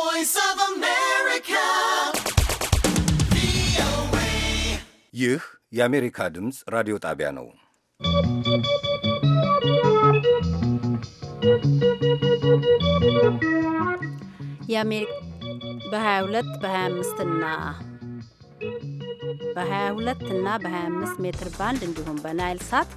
voice of America. ይህ የአሜሪካ ድምፅ ራዲዮ ጣቢያ ነው። በ22 በ25 እና በ22 እና በ25 ሜትር ባንድ እንዲሁም በናይል ሳት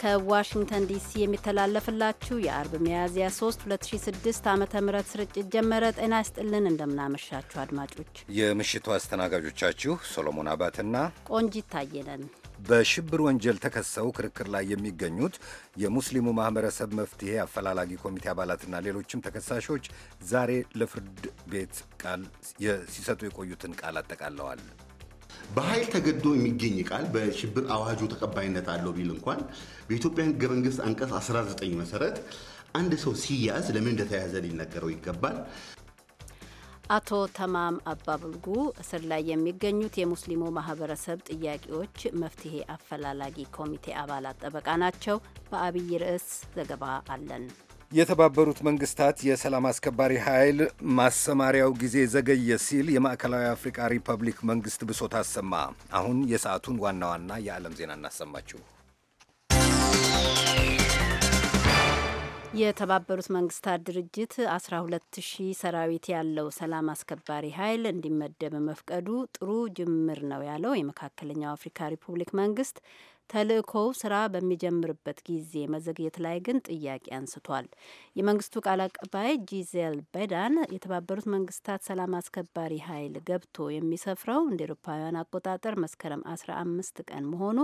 ከዋሽንግተን ዲሲ የሚተላለፍላችሁ የአርብ ሚያዝያ 3 2006 ዓ ም ስርጭት ጀመረ። ጤና ይስጥልን፣ እንደምናመሻችሁ አድማጮች። የምሽቱ አስተናጋጆቻችሁ ሶሎሞን አባትና ቆንጂት ታየነን። በሽብር ወንጀል ተከሰው ክርክር ላይ የሚገኙት የሙስሊሙ ማህበረሰብ መፍትሄ አፈላላጊ ኮሚቴ አባላትና ሌሎችም ተከሳሾች ዛሬ ለፍርድ ቤት ቃል ሲሰጡ የቆዩትን ቃል አጠቃለዋል። በኃይል ተገዶ የሚገኝ ቃል በሽብር አዋጁ ተቀባይነት አለው ቢል እንኳን በኢትዮጵያ ሕገ መንግስት አንቀጽ 19 መሰረት አንድ ሰው ሲያዝ ለምን እንደተያዘ ሊነገረው ይገባል። አቶ ተማም አባብልጉ እስር ላይ የሚገኙት የሙስሊሙ ማህበረሰብ ጥያቄዎች መፍትሄ አፈላላጊ ኮሚቴ አባላት ጠበቃ ናቸው። በአብይ ርዕስ ዘገባ አለን። የተባበሩት መንግስታት የሰላም አስከባሪ ኃይል ማሰማሪያው ጊዜ ዘገየ ሲል የማዕከላዊ አፍሪካ ሪፐብሊክ መንግስት ብሶት አሰማ። አሁን የሰዓቱን ዋና ዋና የዓለም ዜና እናሰማችሁ። የተባበሩት መንግስታት ድርጅት 12 ሺህ ሰራዊት ያለው ሰላም አስከባሪ ኃይል እንዲመደብ መፍቀዱ ጥሩ ጅምር ነው ያለው የመካከለኛው አፍሪካ ሪፑብሊክ መንግስት ተልእኮው ስራ በሚጀምርበት ጊዜ መዘግየት ላይ ግን ጥያቄ አንስቷል። የመንግስቱ ቃል አቀባይ ጂዜል በዳን የተባበሩት መንግስታት ሰላም አስከባሪ ኃይል ገብቶ የሚሰፍረው እንደ ኤሮፓውያን አቆጣጠር መስከረም 15 ቀን መሆኑ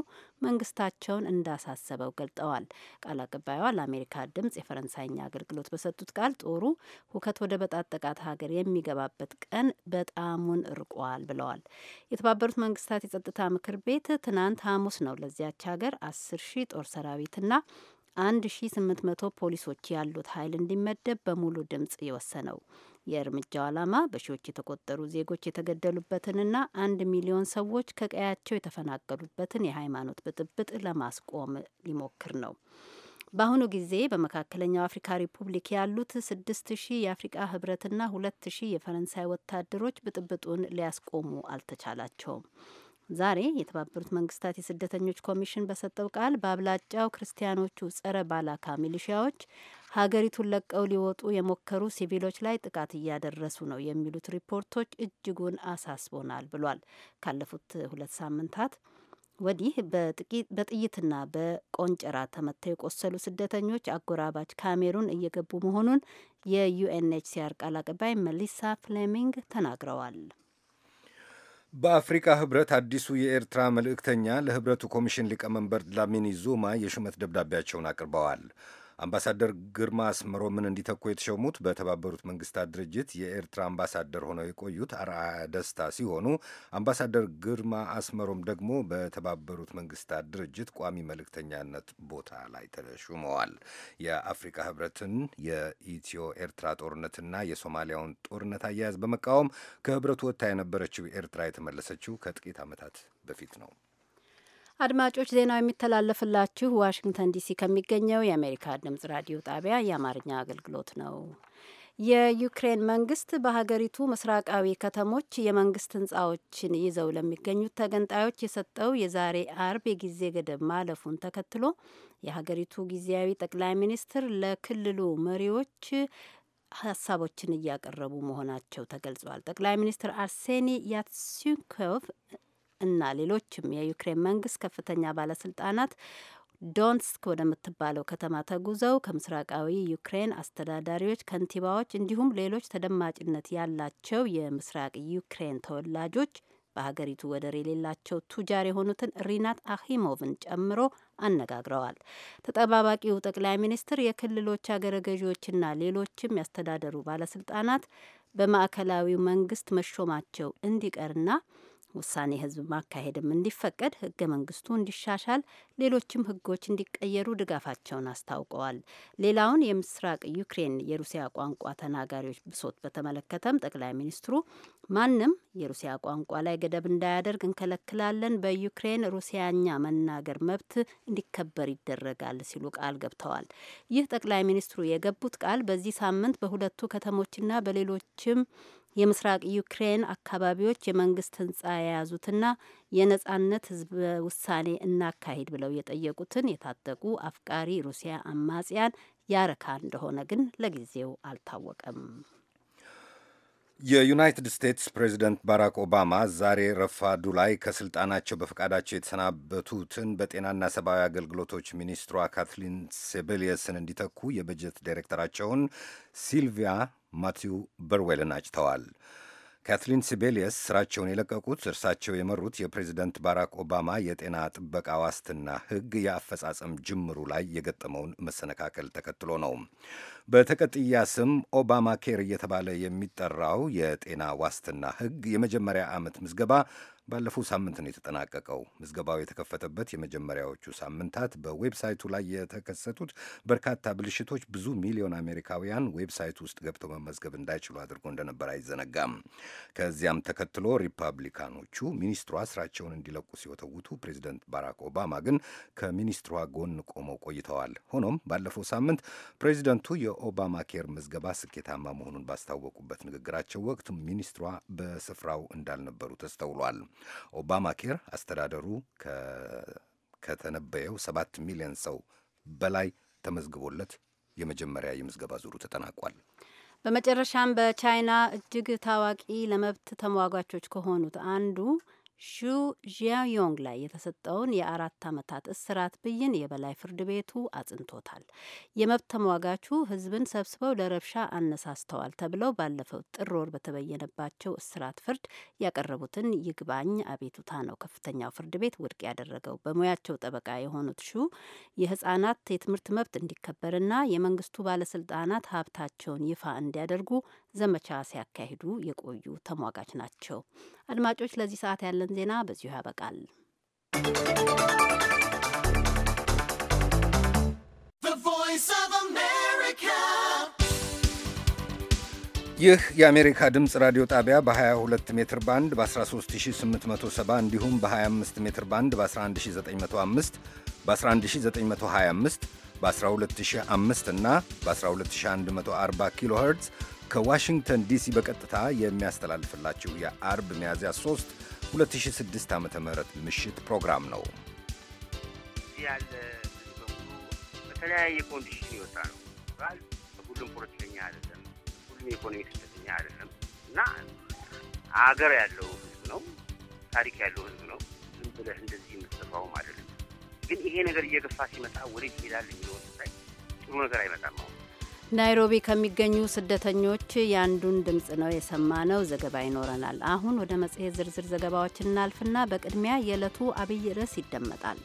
መንግስታቸውን እንዳሳሰበው ገልጠዋል። ቃል አቀባይዋ ለአሜሪካ ድምጽ የፈረንሳይኛ አገልግሎት በሰጡት ቃል ጦሩ ሁከት ወደ በጣጠቃት ሀገር የሚገባበት ቀን በጣሙን ርቋል ብለዋል። የተባበሩት መንግስታት የጸጥታ ምክር ቤት ትናንት ሐሙስ ነው ለዚያች ሀገር አስር ሺህ ጦር ሰራዊትና 1800 ፖሊሶች ያሉት ኃይል እንዲመደብ በሙሉ ድምጽ የወሰነው። የእርምጃው ዓላማ በሺዎች የተቆጠሩ ዜጎች የተገደሉበትንና አንድ ሚሊዮን ሰዎች ከቀያቸው የተፈናቀሉበትን የሃይማኖት ብጥብጥ ለማስቆም ሊሞክር ነው። በአሁኑ ጊዜ በመካከለኛው አፍሪካ ሪፑብሊክ ያሉት ስድስት ሺህ የአፍሪቃ ህብረትና ሁለት ሺህ የፈረንሳይ ወታደሮች ብጥብጡን ሊያስቆሙ አልተቻላቸውም። ዛሬ የተባበሩት መንግስታት የስደተኞች ኮሚሽን በሰጠው ቃል በአብላጫው ክርስቲያኖቹ ጸረ ባላካ ሚሊሺያዎች ሀገሪቱን ለቀው ሊወጡ የሞከሩ ሲቪሎች ላይ ጥቃት እያደረሱ ነው የሚሉት ሪፖርቶች እጅጉን አሳስቦናል ብሏል። ካለፉት ሁለት ሳምንታት ወዲህ በጥይትና በቆንጨራ ተመተው የቆሰሉ ስደተኞች አጎራባች ካሜሩን እየገቡ መሆኑን የዩኤንኤችሲአር ቃል አቀባይ መሊሳ ፍሌሚንግ ተናግረዋል። በአፍሪካ ህብረት አዲሱ የኤርትራ መልእክተኛ ለህብረቱ ኮሚሽን ሊቀመንበር ድላሚኒ ዙማ የሹመት ደብዳቤያቸውን አቅርበዋል። አምባሳደር ግርማ አስመሮምን እንዲተኩ የተሾሙት በተባበሩት መንግስታት ድርጅት የኤርትራ አምባሳደር ሆነው የቆዩት አርአያ ደስታ ሲሆኑ አምባሳደር ግርማ አስመሮም ደግሞ በተባበሩት መንግስታት ድርጅት ቋሚ መልእክተኛነት ቦታ ላይ ተሹመዋል። የአፍሪካ ህብረትን የኢትዮ ኤርትራ ጦርነትና የሶማሊያውን ጦርነት አያያዝ በመቃወም ከህብረቱ ወጥታ የነበረችው ኤርትራ የተመለሰችው ከጥቂት ዓመታት በፊት ነው። አድማጮች ዜናው የሚተላለፍላችሁ ዋሽንግተን ዲሲ ከሚገኘው የአሜሪካ ድምጽ ራዲዮ ጣቢያ የአማርኛ አገልግሎት ነው። የዩክሬን መንግስት በሀገሪቱ ምስራቃዊ ከተሞች የመንግስት ህንጻዎችን ይዘው ለሚገኙት ተገንጣዮች የሰጠው የዛሬ አርብ የጊዜ ገደብ ማለፉን ተከትሎ የሀገሪቱ ጊዜያዊ ጠቅላይ ሚኒስትር ለክልሉ መሪዎች ሀሳቦችን እያቀረቡ መሆናቸው ተገልጿል። ጠቅላይ ሚኒስትር አርሴኒ ያትሲንኮቭ እና ሌሎችም የዩክሬን መንግስት ከፍተኛ ባለስልጣናት ዶንስክ ወደምትባለው ከተማ ተጉዘው ከምስራቃዊ ዩክሬን አስተዳዳሪዎች፣ ከንቲባዎች እንዲሁም ሌሎች ተደማጭነት ያላቸው የምስራቅ ዩክሬን ተወላጆች በሀገሪቱ ወደር የሌላቸው ቱጃር የሆኑትን ሪናት አሂሞቭን ጨምሮ አነጋግረዋል። ተጠባባቂው ጠቅላይ ሚኒስትር የክልሎች አገረ ገዢዎችና ሌሎችም ያስተዳደሩ ባለስልጣናት በማዕከላዊው መንግስት መሾማቸው እንዲቀርና ውሳኔ ህዝብ ማካሄድም እንዲፈቀድ ህገ መንግስቱ እንዲሻሻል፣ ሌሎችም ህጎች እንዲቀየሩ ድጋፋቸውን አስታውቀዋል። ሌላውን የምስራቅ ዩክሬን የሩሲያ ቋንቋ ተናጋሪዎች ብሶት በተመለከተም ጠቅላይ ሚኒስትሩ ማንም የሩሲያ ቋንቋ ላይ ገደብ እንዳያደርግ እንከለክላለን፣ በዩክሬን ሩሲያኛ መናገር መብት እንዲከበር ይደረጋል ሲሉ ቃል ገብተዋል። ይህ ጠቅላይ ሚኒስትሩ የገቡት ቃል በዚህ ሳምንት በሁለቱ ከተሞችና በሌሎችም የምስራቅ ዩክሬን አካባቢዎች የመንግስት ህንጻ የያዙትና የነጻነት ህዝብ ውሳኔ እናካሂድ ብለው የጠየቁትን የታጠቁ አፍቃሪ ሩሲያ አማጽያን ያረካ እንደሆነ ግን ለጊዜው አልታወቀም። የዩናይትድ ስቴትስ ፕሬዚደንት ባራክ ኦባማ ዛሬ ረፋዱ ላይ ከስልጣናቸው በፈቃዳቸው የተሰናበቱትን በጤናና ሰብአዊ አገልግሎቶች ሚኒስትሯ ካትሊን ሴቤልየስን እንዲተኩ የበጀት ዳይሬክተራቸውን ሲልቪያ ማቲው በርዌልን አጭተዋል። ካትሊን ሲቤሊየስ ስራቸውን የለቀቁት እርሳቸው የመሩት የፕሬዚደንት ባራክ ኦባማ የጤና ጥበቃ ዋስትና ሕግ የአፈጻጸም ጅምሩ ላይ የገጠመውን መሰነካከል ተከትሎ ነው። በተቀጥያ ስም ኦባማ ኬር እየተባለ የሚጠራው የጤና ዋስትና ሕግ የመጀመሪያ ዓመት ምዝገባ ባለፈው ሳምንት ነው የተጠናቀቀው። ምዝገባው የተከፈተበት የመጀመሪያዎቹ ሳምንታት በዌብሳይቱ ላይ የተከሰቱት በርካታ ብልሽቶች ብዙ ሚሊዮን አሜሪካውያን ዌብሳይቱ ውስጥ ገብተው መመዝገብ እንዳይችሉ አድርጎ እንደነበር አይዘነጋም። ከዚያም ተከትሎ ሪፐብሊካኖቹ ሚኒስትሯ ስራቸውን እንዲለቁ ሲወተውቱ፣ ፕሬዚደንት ባራክ ኦባማ ግን ከሚኒስትሯ ጎን ቆመው ቆይተዋል። ሆኖም ባለፈው ሳምንት ፕሬዚደንቱ የኦባማ ኬር ምዝገባ ስኬታማ መሆኑን ባስታወቁበት ንግግራቸው ወቅት ሚኒስትሯ በስፍራው እንዳልነበሩ ተስተውሏል። ኦባማ ኬር አስተዳደሩ ከተነበየው ሰባት ሚሊዮን ሰው በላይ ተመዝግቦለት የመጀመሪያ የምዝገባ ዙሩ ተጠናቋል። በመጨረሻም በቻይና እጅግ ታዋቂ ለመብት ተሟጋቾች ከሆኑት አንዱ ሹ ጂያዮንግ ላይ የተሰጠውን የአራት ዓመታት እስራት ብይን የበላይ ፍርድ ቤቱ አጽንቶታል። የመብት ተሟጋቹ ህዝብን ሰብስበው ለረብሻ አነሳስተዋል ተብለው ባለፈው ጥር ወር በተበየነባቸው እስራት ፍርድ ያቀረቡትን ይግባኝ አቤቱታ ነው ከፍተኛው ፍርድ ቤት ውድቅ ያደረገው። በሙያቸው ጠበቃ የሆኑት ሹ የህጻናት የትምህርት መብት እንዲከበርና የመንግስቱ ባለስልጣናት ሀብታቸውን ይፋ እንዲያደርጉ ዘመቻ ሲያካሂዱ የቆዩ ተሟጋች ናቸው። አድማጮች፣ ለዚህ ሰዓት ያለን ዜና በዚሁ ያበቃል። ይህ የአሜሪካ ድምፅ ራዲዮ ጣቢያ በ22 ሜትር ባንድ በ13870 እንዲሁም በ25 ሜትር ባንድ በ11905 በ11925 በ12005 እና በ12140 ኪሎ ኸርትዝ ከዋሽንግተን ዲሲ በቀጥታ የሚያስተላልፍላችሁ የአርብ ሚያዝያ 3 2006 ዓ ም ምሽት ፕሮግራም ነው። ያለ በተለያየ ኮንዲሽን ይወጣ ነው። ሁሉም ፖለቲከኛ አይደለም፣ ሁሉም የኢኮኖሚ ስደተኛ አይደለም እና አገር ያለው ህዝብ ነው፣ ታሪክ ያለው ህዝብ ነው። ዝም ብለህ እንደዚህ የምትጠፋውም አይደለም። ግን ይሄ ነገር እየገፋ ሲመጣ ወዴት ይሄዳል የሚለውን ስታይ ጥሩ ነገር አይመጣም አሁን ናይሮቢ ከሚገኙ ስደተኞች የአንዱን ድምፅ ነው የሰማነው። ዘገባ ይኖረናል። አሁን ወደ መጽሔት ዝርዝር ዘገባዎች እናልፍና በቅድሚያ የዕለቱ አብይ ርዕስ ይደመጣል።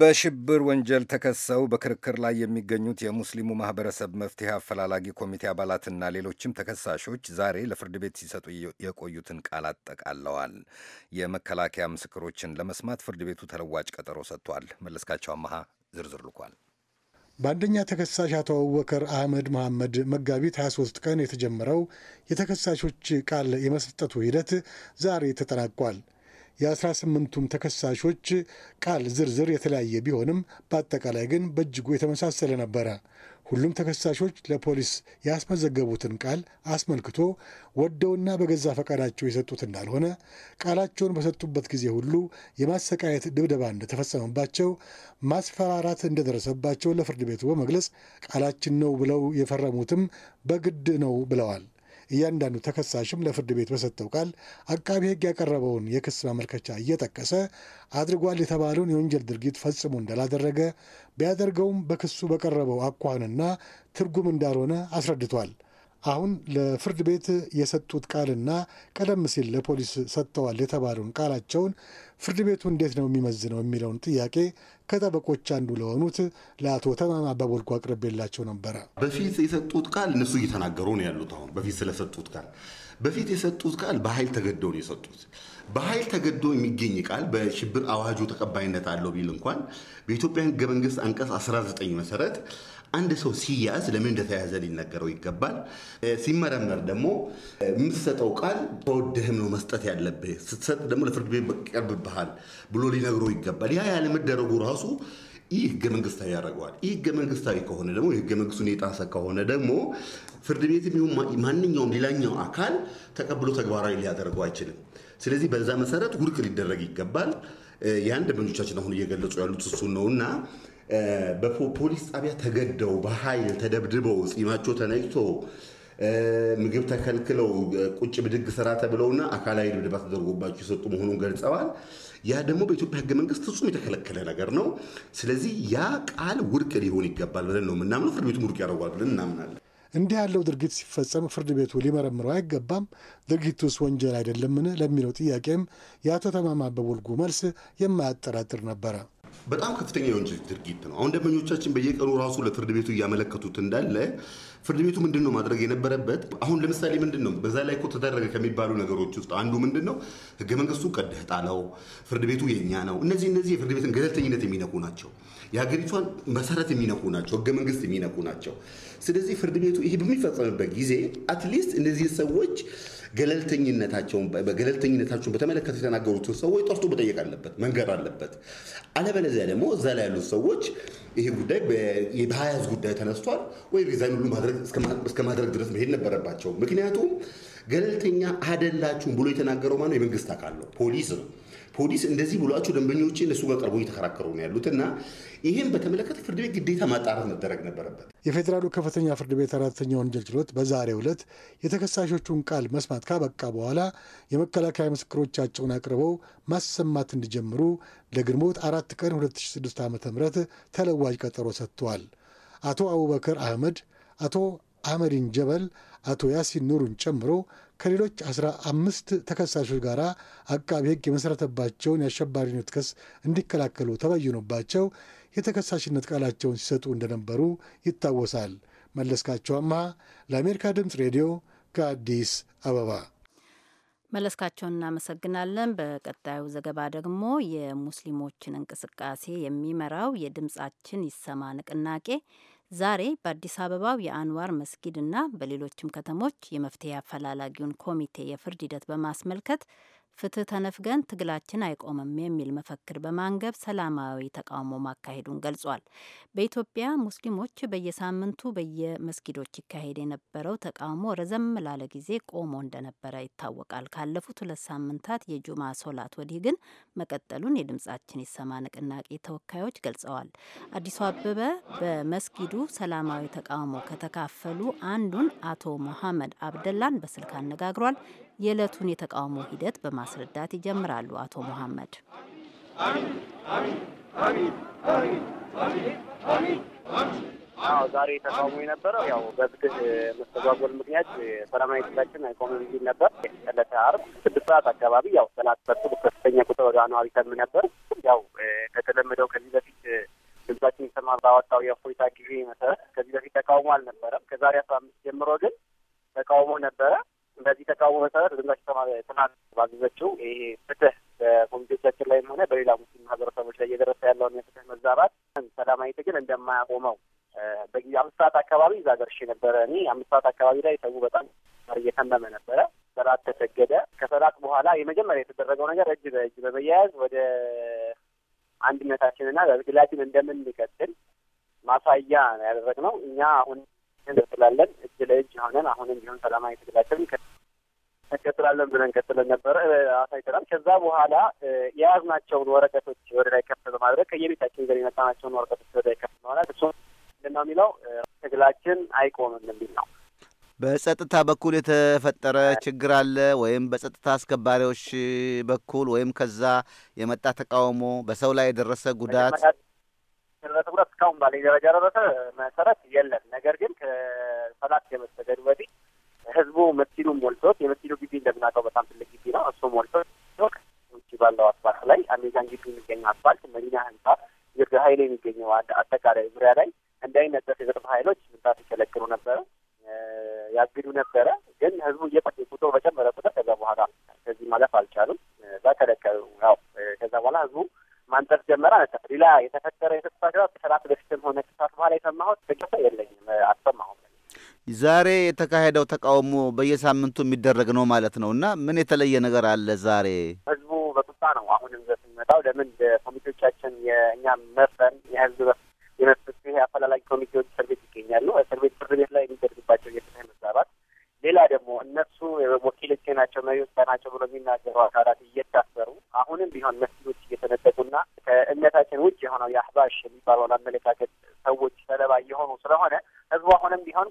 በሽብር ወንጀል ተከሰው በክርክር ላይ የሚገኙት የሙስሊሙ ማህበረሰብ መፍትሄ አፈላላጊ ኮሚቴ አባላትና ሌሎችም ተከሳሾች ዛሬ ለፍርድ ቤት ሲሰጡ የቆዩትን ቃል አጠቃለዋል። የመከላከያ ምስክሮችን ለመስማት ፍርድ ቤቱ ተለዋጭ ቀጠሮ ሰጥቷል። መለስካቸው አመሃ ዝርዝር ልኳል። በአንደኛ ተከሳሽ አቶ አቡበከር አህመድ መሐመድ መጋቢት 23 ቀን የተጀመረው የተከሳሾች ቃል የመስጠቱ ሂደት ዛሬ ተጠናቋል። የአስራ ስምንቱም ተከሳሾች ቃል ዝርዝር የተለያየ ቢሆንም በአጠቃላይ ግን በእጅጉ የተመሳሰለ ነበረ። ሁሉም ተከሳሾች ለፖሊስ ያስመዘገቡትን ቃል አስመልክቶ ወደውና በገዛ ፈቃዳቸው የሰጡት እንዳልሆነ ቃላቸውን በሰጡበት ጊዜ ሁሉ የማሰቃየት ድብደባ እንደተፈጸመባቸው፣ ማስፈራራት እንደደረሰባቸው ለፍርድ ቤቱ በመግለጽ ቃላችን ነው ብለው የፈረሙትም በግድ ነው ብለዋል። እያንዳንዱ ተከሳሽም ለፍርድ ቤት በሰጠው ቃል አቃቢ ሕግ ያቀረበውን የክስ ማመልከቻ እየጠቀሰ አድርጓል የተባለውን የወንጀል ድርጊት ፈጽሞ እንዳላደረገ ቢያደርገውም በክሱ በቀረበው አኳንና ትርጉም እንዳልሆነ አስረድቷል። አሁን ለፍርድ ቤት የሰጡት ቃልና ቀደም ሲል ለፖሊስ ሰጥተዋል የተባለውን ቃላቸውን ፍርድ ቤቱ እንዴት ነው የሚመዝነው የሚለውን ጥያቄ ከጠበቆች አንዱ ለሆኑት ለአቶ ተማም አባቦልኩ አቅርቤላቸው ነበረ። በፊት የሰጡት ቃል እነሱ እየተናገሩ ነው ያሉት። አሁን በፊት ስለሰጡት ቃል በፊት የሰጡት ቃል በኃይል ተገደው ነው የሰጡት። በኃይል ተገዶ የሚገኝ ቃል በሽብር አዋጁ ተቀባይነት አለው ቢል እንኳን በኢትዮጵያ ሕገ መንግስት አንቀጽ 19 መሰረት አንድ ሰው ሲያዝ ለምን እንደተያዘ ሊነገረው ይገባል። ሲመረመር ደግሞ የምትሰጠው ቃል ተወደህም ነው መስጠት ያለብህ፣ ስትሰጥ ደግሞ ለፍርድ ቤት ቀርብብሃል ብሎ ሊነግረው ይገባል። ያ ያለመደረጉ ራሱ ይህ ህገ መንግስታዊ ያደርገዋል። ይህ ህገ መንግስታዊ ከሆነ ደግሞ የህገ መንግስቱን የጣሰ ከሆነ ደግሞ ፍርድ ቤትም ይሁን ማንኛውም ሌላኛው አካል ተቀብሎ ተግባራዊ ሊያደርገው አይችልም። ስለዚህ በዛ መሰረት ውድቅ ሊደረግ ይገባል። የአንድ ደንበኞቻችን አሁን እየገለጹ ያሉት እሱን ነው እና በፖሊስ ጣቢያ ተገደው በኃይል ተደብድበው ጺማቸው ተነጭቶ ምግብ ተከልክለው ቁጭ ብድግ ስራ ተብለውና አካላዊ ድብደባ ተደርጎባቸው የሰጡ መሆኑን ገልጸዋል። ያ ደግሞ በኢትዮጵያ ሕገ መንግስት ፍጹም የተከለከለ ነገር ነው። ስለዚህ ያ ቃል ውድቅ ሊሆን ይገባል ብለን ነው የምናምነው። ፍርድ ቤቱም ውድቅ ያደርጓል ብለን እናምናለን። እንዲህ ያለው ድርጊት ሲፈጸም ፍርድ ቤቱ ሊመረምረው አይገባም? ድርጊቱስ ወንጀል አይደለምን? ለሚለው ጥያቄም የአቶ ተማማ በቦልጉ መልስ የማያጠራጥር ነበረ። በጣም ከፍተኛ የወንጀል ድርጊት ነው። አሁን ደንበኞቻችን በየቀኑ ራሱ ለፍርድ ቤቱ እያመለከቱት እንዳለ ፍርድ ቤቱ ምንድን ነው ማድረግ የነበረበት? አሁን ለምሳሌ ምንድን ነው በዛ ላይ እኮ ተደረገ ከሚባሉ ነገሮች ውስጥ አንዱ ምንድን ነው ህገ መንግስቱ ቀደህ ጣለው፣ ፍርድ ቤቱ የኛ ነው። እነዚህ እነዚህ የፍርድ ቤትን ገለልተኝነት የሚነኩ ናቸው፣ የሀገሪቷን መሰረት የሚነኩ ናቸው፣ ህገ መንግስት የሚነኩ ናቸው። ስለዚህ ፍርድ ቤቱ ይሄ በሚፈጸምበት ጊዜ አትሊስት እነዚህ ሰዎች ገለልተኝነታቸውን በገለልተኝነታቸውን በተመለከተ የተናገሩትን ሰዎች ጠርቶ መጠየቅ አለበት፣ መንገር አለበት። አለበለዚያ ደግሞ እዛ ላይ ያሉት ሰዎች ይሄ ጉዳይ በሀያዝ ጉዳይ ተነስቷል ወይ ሪዛይን ሁሉ እስከ ማድረግ ድረስ መሄድ ነበረባቸው። ምክንያቱም ገለልተኛ አይደላችሁም ብሎ የተናገረው ማነው? የመንግስት አካል ነው፣ ፖሊስ ነው። ፖሊስ እንደዚህ ብሏቸው ደንበኞች እነሱ ጋር ቀርቦ እየተከራከሩ ነው ያሉት እና ይህም በተመለከተ ፍርድ ቤት ግዴታ ማጣራት መደረግ ነበረበት። የፌዴራሉ ከፍተኛ ፍርድ ቤት አራተኛ ወንጀል ችሎት በዛሬ ዕለት የተከሳሾቹን ቃል መስማት ካበቃ በኋላ የመከላከያ ምስክሮቻቸውን አቅርበው ማሰማት እንዲጀምሩ ለግንቦት አራት ቀን 2006 ዓ.ም ተለዋጅ ቀጠሮ ሰጥቷል። አቶ አቡበከር አህመድ አቶ አህመዲን ጀበል አቶ ያሲን ኑሩን ጨምሮ ከሌሎች አስራ አምስት ተከሳሾች ጋር አቃቢ ሕግ የመሠረተባቸውን የአሸባሪነት ክስ እንዲከላከሉ ተበይኖባቸው የተከሳሽነት ቃላቸውን ሲሰጡ እንደነበሩ ይታወሳል። መለስካቸው አምሃ ለአሜሪካ ድምፅ ሬዲዮ ከአዲስ አበባ። መለስካቸውን እናመሰግናለን። በቀጣዩ ዘገባ ደግሞ የሙስሊሞችን እንቅስቃሴ የሚመራው የድምፃችን ይሰማ ንቅናቄ ዛሬ በአዲስ አበባው የአንዋር መስጊድና በሌሎችም ከተሞች የመፍትሄ አፈላላጊውን ኮሚቴ የፍርድ ሂደት በማስመልከት ፍትህ ተነፍገን ትግላችን አይቆምም የሚል መፈክር በማንገብ ሰላማዊ ተቃውሞ ማካሄዱን ገልጿል። በኢትዮጵያ ሙስሊሞች በየሳምንቱ በየመስጊዶች ይካሄድ የነበረው ተቃውሞ ረዘም ላለ ጊዜ ቆሞ እንደነበረ ይታወቃል። ካለፉት ሁለት ሳምንታት የጁማ ሶላት ወዲህ ግን መቀጠሉን የድምጻችን ይሰማ ንቅናቄ ተወካዮች ገልጸዋል። አዲሱ አበበ በመስጊዱ ሰላማዊ ተቃውሞ ከተካፈሉ አንዱን አቶ ሞሐመድ አብደላን በስልክ አነጋግሯል። የዕለቱን የተቃውሞ ሂደት በማስረዳት ይጀምራሉ አቶ መሐመድ። ዛሬ ተቃውሞ የነበረው ያው በፍትህ መስተጓጎል ምክንያት ሰላማዊ ትላችን አይቆም የሚል ነበር። ዕለተ ዓርብ ስድስት ሰዓት አካባቢ ያው ሰላት ፈቱ በከፍተኛ ቁጥር ወደ ነዋሪ ሰልም ነበር። ያው ከተለመደው ከዚህ ትናንት ባዘዘችው ይሄ ፍትህ በኮሚቴዎቻችን ላይም ሆነ በሌላ ሙስሊም ማህበረሰቦች ላይ እየደረሰ ያለውን የፍትህ መዛባት ሰላማዊ ትግል እንደማያቆመው አምስት ሰዓት አካባቢ እዛ ገርሽ ነበረ። እኔ አምስት ሰዓት አካባቢ ላይ ሰው በጣም እየተመመ ነበረ። ሰላት ተሰገደ። ከሰላት በኋላ የመጀመሪያ የተደረገው ነገር እጅ በእጅ በመያያዝ ወደ አንድነታችንና በትግላችን እንደምንቀጥል ማሳያ ያደረግነው እኛ አሁን እንቀጥላለን እጅ ለእጅ ሆነን አሁንም ቢሆን ሰላማዊ ትግላችን እንቀጥላለን ብለን ቀጥለን ነበረ አሳይተናል። ከዛ በኋላ የያዝናቸውን ወረቀቶች ወደ ላይ ከፍ በማድረግ ከየቤታችን ይዘን የመጣናቸውን ወረቀቶች ወደ ላይ ከፍ በኋላ እሱ ምንድን ነው የሚለው ትግላችን አይቆምም የሚል ነው። በጸጥታ በኩል የተፈጠረ ችግር አለ ወይም በጸጥታ አስከባሪዎች በኩል ወይም ከዛ የመጣ ተቃውሞ በሰው ላይ የደረሰ ጉዳት የደረሰ ጉዳት እስካሁን ባለኝ ደረጃ ደረሰ መሰረት የለም። ነገር ግን ከሰላት የመሰገዱ በፊት ህዝቡ መሲሉም ሞልቶት የመሲሉ ግቢ እንደምናውቀው በጣም ትልቅ ግቢ ነው። እሱ ሞልቶት ውጭ ባለው አስፋልት ላይ አሜዛን ግቢ የሚገኘው አስፋልት መዲና ህንፃ ዝርግ ሀይል የሚገኘው አጠቃላይ ዙሪያ ላይ እንዳይነጠፍ የዘርፍ ሀይሎች ምንጣፍ ይከለክሉ ነበረ፣ ያግዱ ነበረ። ግን ህዝቡ እየጠቅ ቁጥሩ በጨመረ ቁጥር ከዛ በኋላ ከዚህ ማለፍ አልቻሉም። በተለከሉ ያው ከዛ በኋላ ህዝቡ ማንጠፍ ጀመረ። ነ ሌላ የተፈጠረ የተስፋ ሰላት በፊትም ሆነ ከሰዓት በኋላ የሰማሁት ተጨፈ የለኝም አልሰማሁም። ዛሬ የተካሄደው ተቃውሞ በየሳምንቱ የሚደረግ ነው ማለት ነው እና ምን የተለየ ነገር አለ ዛሬ? ህዝቡ በቁጣ ነው አሁንም ዘ ስንመጣው ለምን ኮሚቴዎቻችን የእኛ መፈን የህዝብ የመብት ፍትህ አፈላላጊ ኮሚቴዎች እስር ቤት ይገኛሉ። እስር ቤት ፍርድ ቤት ላይ የሚደርግባቸው የፍትህ መዛባት፣ ሌላ ደግሞ እነሱ ወኪሎቼ ናቸው መሪዎች ናቸው ብሎ የሚናገሩ አካላት እየታሰሩ አሁንም ቢሆን መስጊዶች እየተነጠቁና ከእምነታችን ውጭ የሆነው የአህባሽ የሚባለውን አመለካከት ሰዎች ሰለባ እየሆኑ ስለሆነ ህዝቡ አሁንም ቢሆን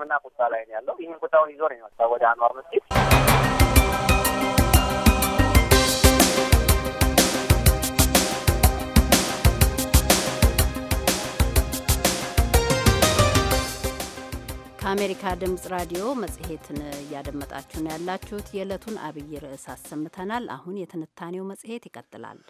የህክምና ቦታ ላይ ነው ያለው። ይህን ቁጣውን ይዞ ነው የመጣው ወደ አንዋር መስጊድ። ከአሜሪካ ድምፅ ራዲዮ መጽሔትን እያደመጣችሁ ነው ያላችሁት። የዕለቱን አብይ ርዕስ አሰምተናል። አሁን የትንታኔው መጽሔት ይቀጥላል።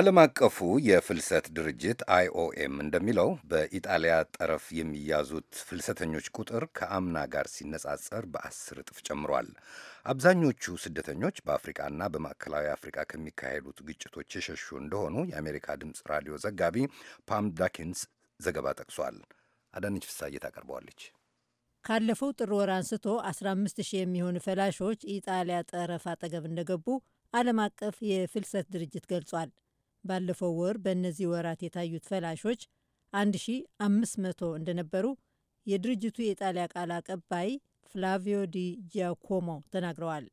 ዓለም አቀፉ የፍልሰት ድርጅት አይኦኤም እንደሚለው በኢጣሊያ ጠረፍ የሚያዙት ፍልሰተኞች ቁጥር ከአምና ጋር ሲነጻጸር በአስር እጥፍ ጨምሯል። አብዛኞቹ ስደተኞች በአፍሪቃና በማዕከላዊ አፍሪቃ ከሚካሄዱት ግጭቶች የሸሹ እንደሆኑ የአሜሪካ ድምፅ ራዲዮ ዘጋቢ ፓም ዳኪንስ ዘገባ ጠቅሷል። አዳነች ፍሳዬ ታቀርበዋለች። ካለፈው ጥር ወር አንስቶ 15000 የሚሆኑ ፈላሾች ኢጣሊያ ጠረፍ አጠገብ እንደገቡ ዓለም አቀፍ የፍልሰት ድርጅት ገልጿል። ባለፈው ወር በእነዚህ ወራት የታዩት ፈላሾች 1500 እንደነበሩ የድርጅቱ የጣሊያ ቃል አቀባይ ፍላቪዮ ዲ ጂያኮሞ ተናግረዋል።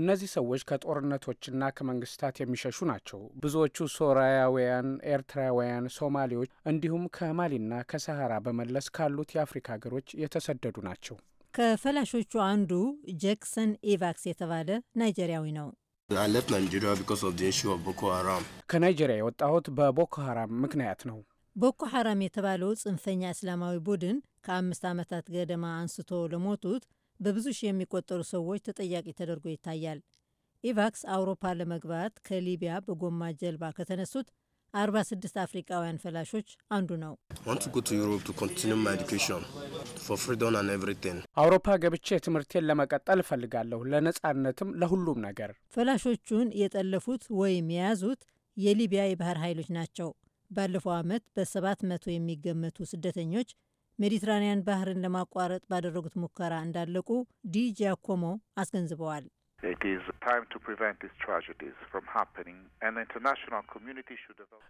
እነዚህ ሰዎች ከጦርነቶችና ከመንግስታት የሚሸሹ ናቸው። ብዙዎቹ ሶራያውያን፣ ኤርትራውያን፣ ሶማሌዎች እንዲሁም ከማሊና ከሰሃራ በመለስ ካሉት የአፍሪካ ሀገሮች የተሰደዱ ናቸው። ከፈላሾቹ አንዱ ጄክሰን ኢቫክስ የተባለ ናይጀሪያዊ ነው። ከናይጀሪያ የወጣሁት በቦኮ ሀራም ምክንያት ነው። ቦኮ ሀራም የተባለው ጽንፈኛ እስላማዊ ቡድን ከአምስት ዓመታት ገደማ አንስቶ ለሞቱት በብዙ ሺህ የሚቆጠሩ ሰዎች ተጠያቂ ተደርጎ ይታያል። ኢቫክስ አውሮፓ ለመግባት ከሊቢያ በጎማ ጀልባ ከተነሱት 46 አፍሪካውያን ፈላሾች አንዱ ነው። አውሮፓ ገብቼ ትምህርቴን ለመቀጠል እፈልጋለሁ፣ ለነጻነትም፣ ለሁሉም ነገር። ፈላሾቹን የጠለፉት ወይም የያዙት የሊቢያ የባህር ኃይሎች ናቸው። ባለፈው ዓመት በ700 የሚገመቱ ስደተኞች ሜዲትራንያን ባህርን ለማቋረጥ ባደረጉት ሙከራ እንዳለቁ ዲ አስገንዝበዋል።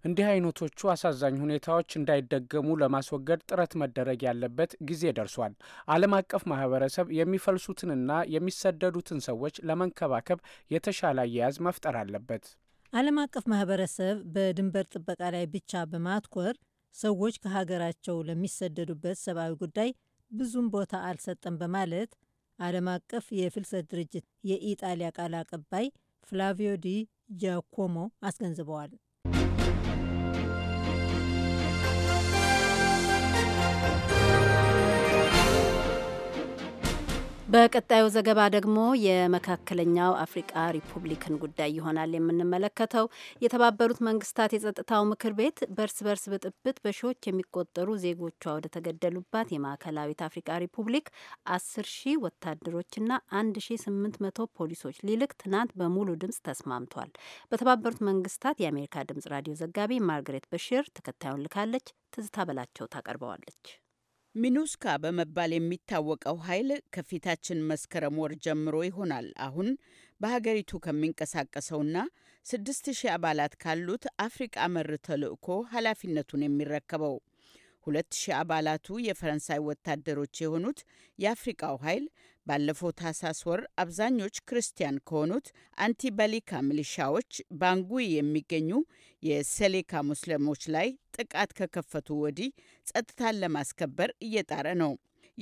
እንዲህ አይነቶቹ አሳዛኝ ሁኔታዎች እንዳይደገሙ ለማስወገድ ጥረት መደረግ ያለበት ጊዜ ደርሷል። ዓለም አቀፍ ማህበረሰብ የሚፈልሱትንና የሚሰደዱትን ሰዎች ለመንከባከብ የተሻለ አያያዝ መፍጠር አለበት። ዓለም አቀፍ ማህበረሰብ በድንበር ጥበቃ ላይ ብቻ በማትኮር ሰዎች ከሀገራቸው ለሚሰደዱበት ሰብአዊ ጉዳይ ብዙም ቦታ አልሰጠም በማለት ዓለም አቀፍ የፍልሰት ድርጅት የኢጣሊያ ቃል አቀባይ ፍላቪዮ ዲ ጃኮሞ አስገንዝበዋል። በቀጣዩ ዘገባ ደግሞ የመካከለኛው አፍሪቃ ሪፑብሊክን ጉዳይ ይሆናል የምንመለከተው። የተባበሩት መንግስታት የጸጥታው ምክር ቤት በርስ በርስ ብጥብጥ በሺዎች የሚቆጠሩ ዜጎቿ ወደ ተገደሉባት የማዕከላዊት አፍሪቃ ሪፑብሊክ አስር ሺህ ወታደሮችና አንድ ሺ ስምንት መቶ ፖሊሶች ሊልክ ትናንት በሙሉ ድምፅ ተስማምቷል። በተባበሩት መንግስታት የአሜሪካ ድምጽ ራዲዮ ዘጋቢ ማርግሬት በሽር ተከታዩን ልካለች። ትዝታ በላቸው ታቀርበዋለች። ሚኑስካ በመባል የሚታወቀው ኃይል ከፊታችን መስከረም ወር ጀምሮ ይሆናል አሁን በሀገሪቱ ከሚንቀሳቀሰውና 6000 አባላት ካሉት አፍሪቃ መር ተልዕኮ ኃላፊነቱን የሚረከበው። ሁለት ሺህ አባላቱ የፈረንሳይ ወታደሮች የሆኑት የአፍሪቃው ኃይል ባለፈው ታህሳስ ወር አብዛኞች ክርስቲያን ከሆኑት አንቲባሊካ ሚሊሻዎች ባንጉይ የሚገኙ የሰሌካ ሙስሊሞች ላይ ጥቃት ከከፈቱ ወዲህ ጸጥታን ለማስከበር እየጣረ ነው።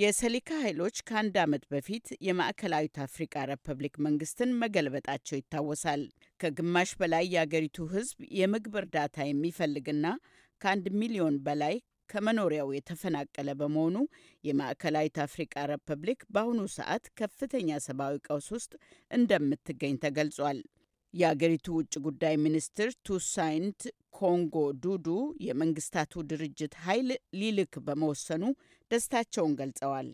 የሰሊካ ኃይሎች ከአንድ ዓመት በፊት የማዕከላዊት አፍሪቃ ሪፐብሊክ መንግስትን መገልበጣቸው ይታወሳል። ከግማሽ በላይ የአገሪቱ ሕዝብ የምግብ እርዳታ የሚፈልግና ከአንድ ሚሊዮን በላይ ከመኖሪያው የተፈናቀለ በመሆኑ የማዕከላዊት አፍሪቃ ሪፐብሊክ በአሁኑ ሰዓት ከፍተኛ ሰብአዊ ቀውስ ውስጥ እንደምትገኝ ተገልጿል። የአገሪቱ ውጭ ጉዳይ ሚኒስትር ቱሳይንት ኮንጎ ዱዱ የመንግስታቱ ድርጅት ኃይል ሊልክ በመወሰኑ ደስታቸውን ገልጸዋል።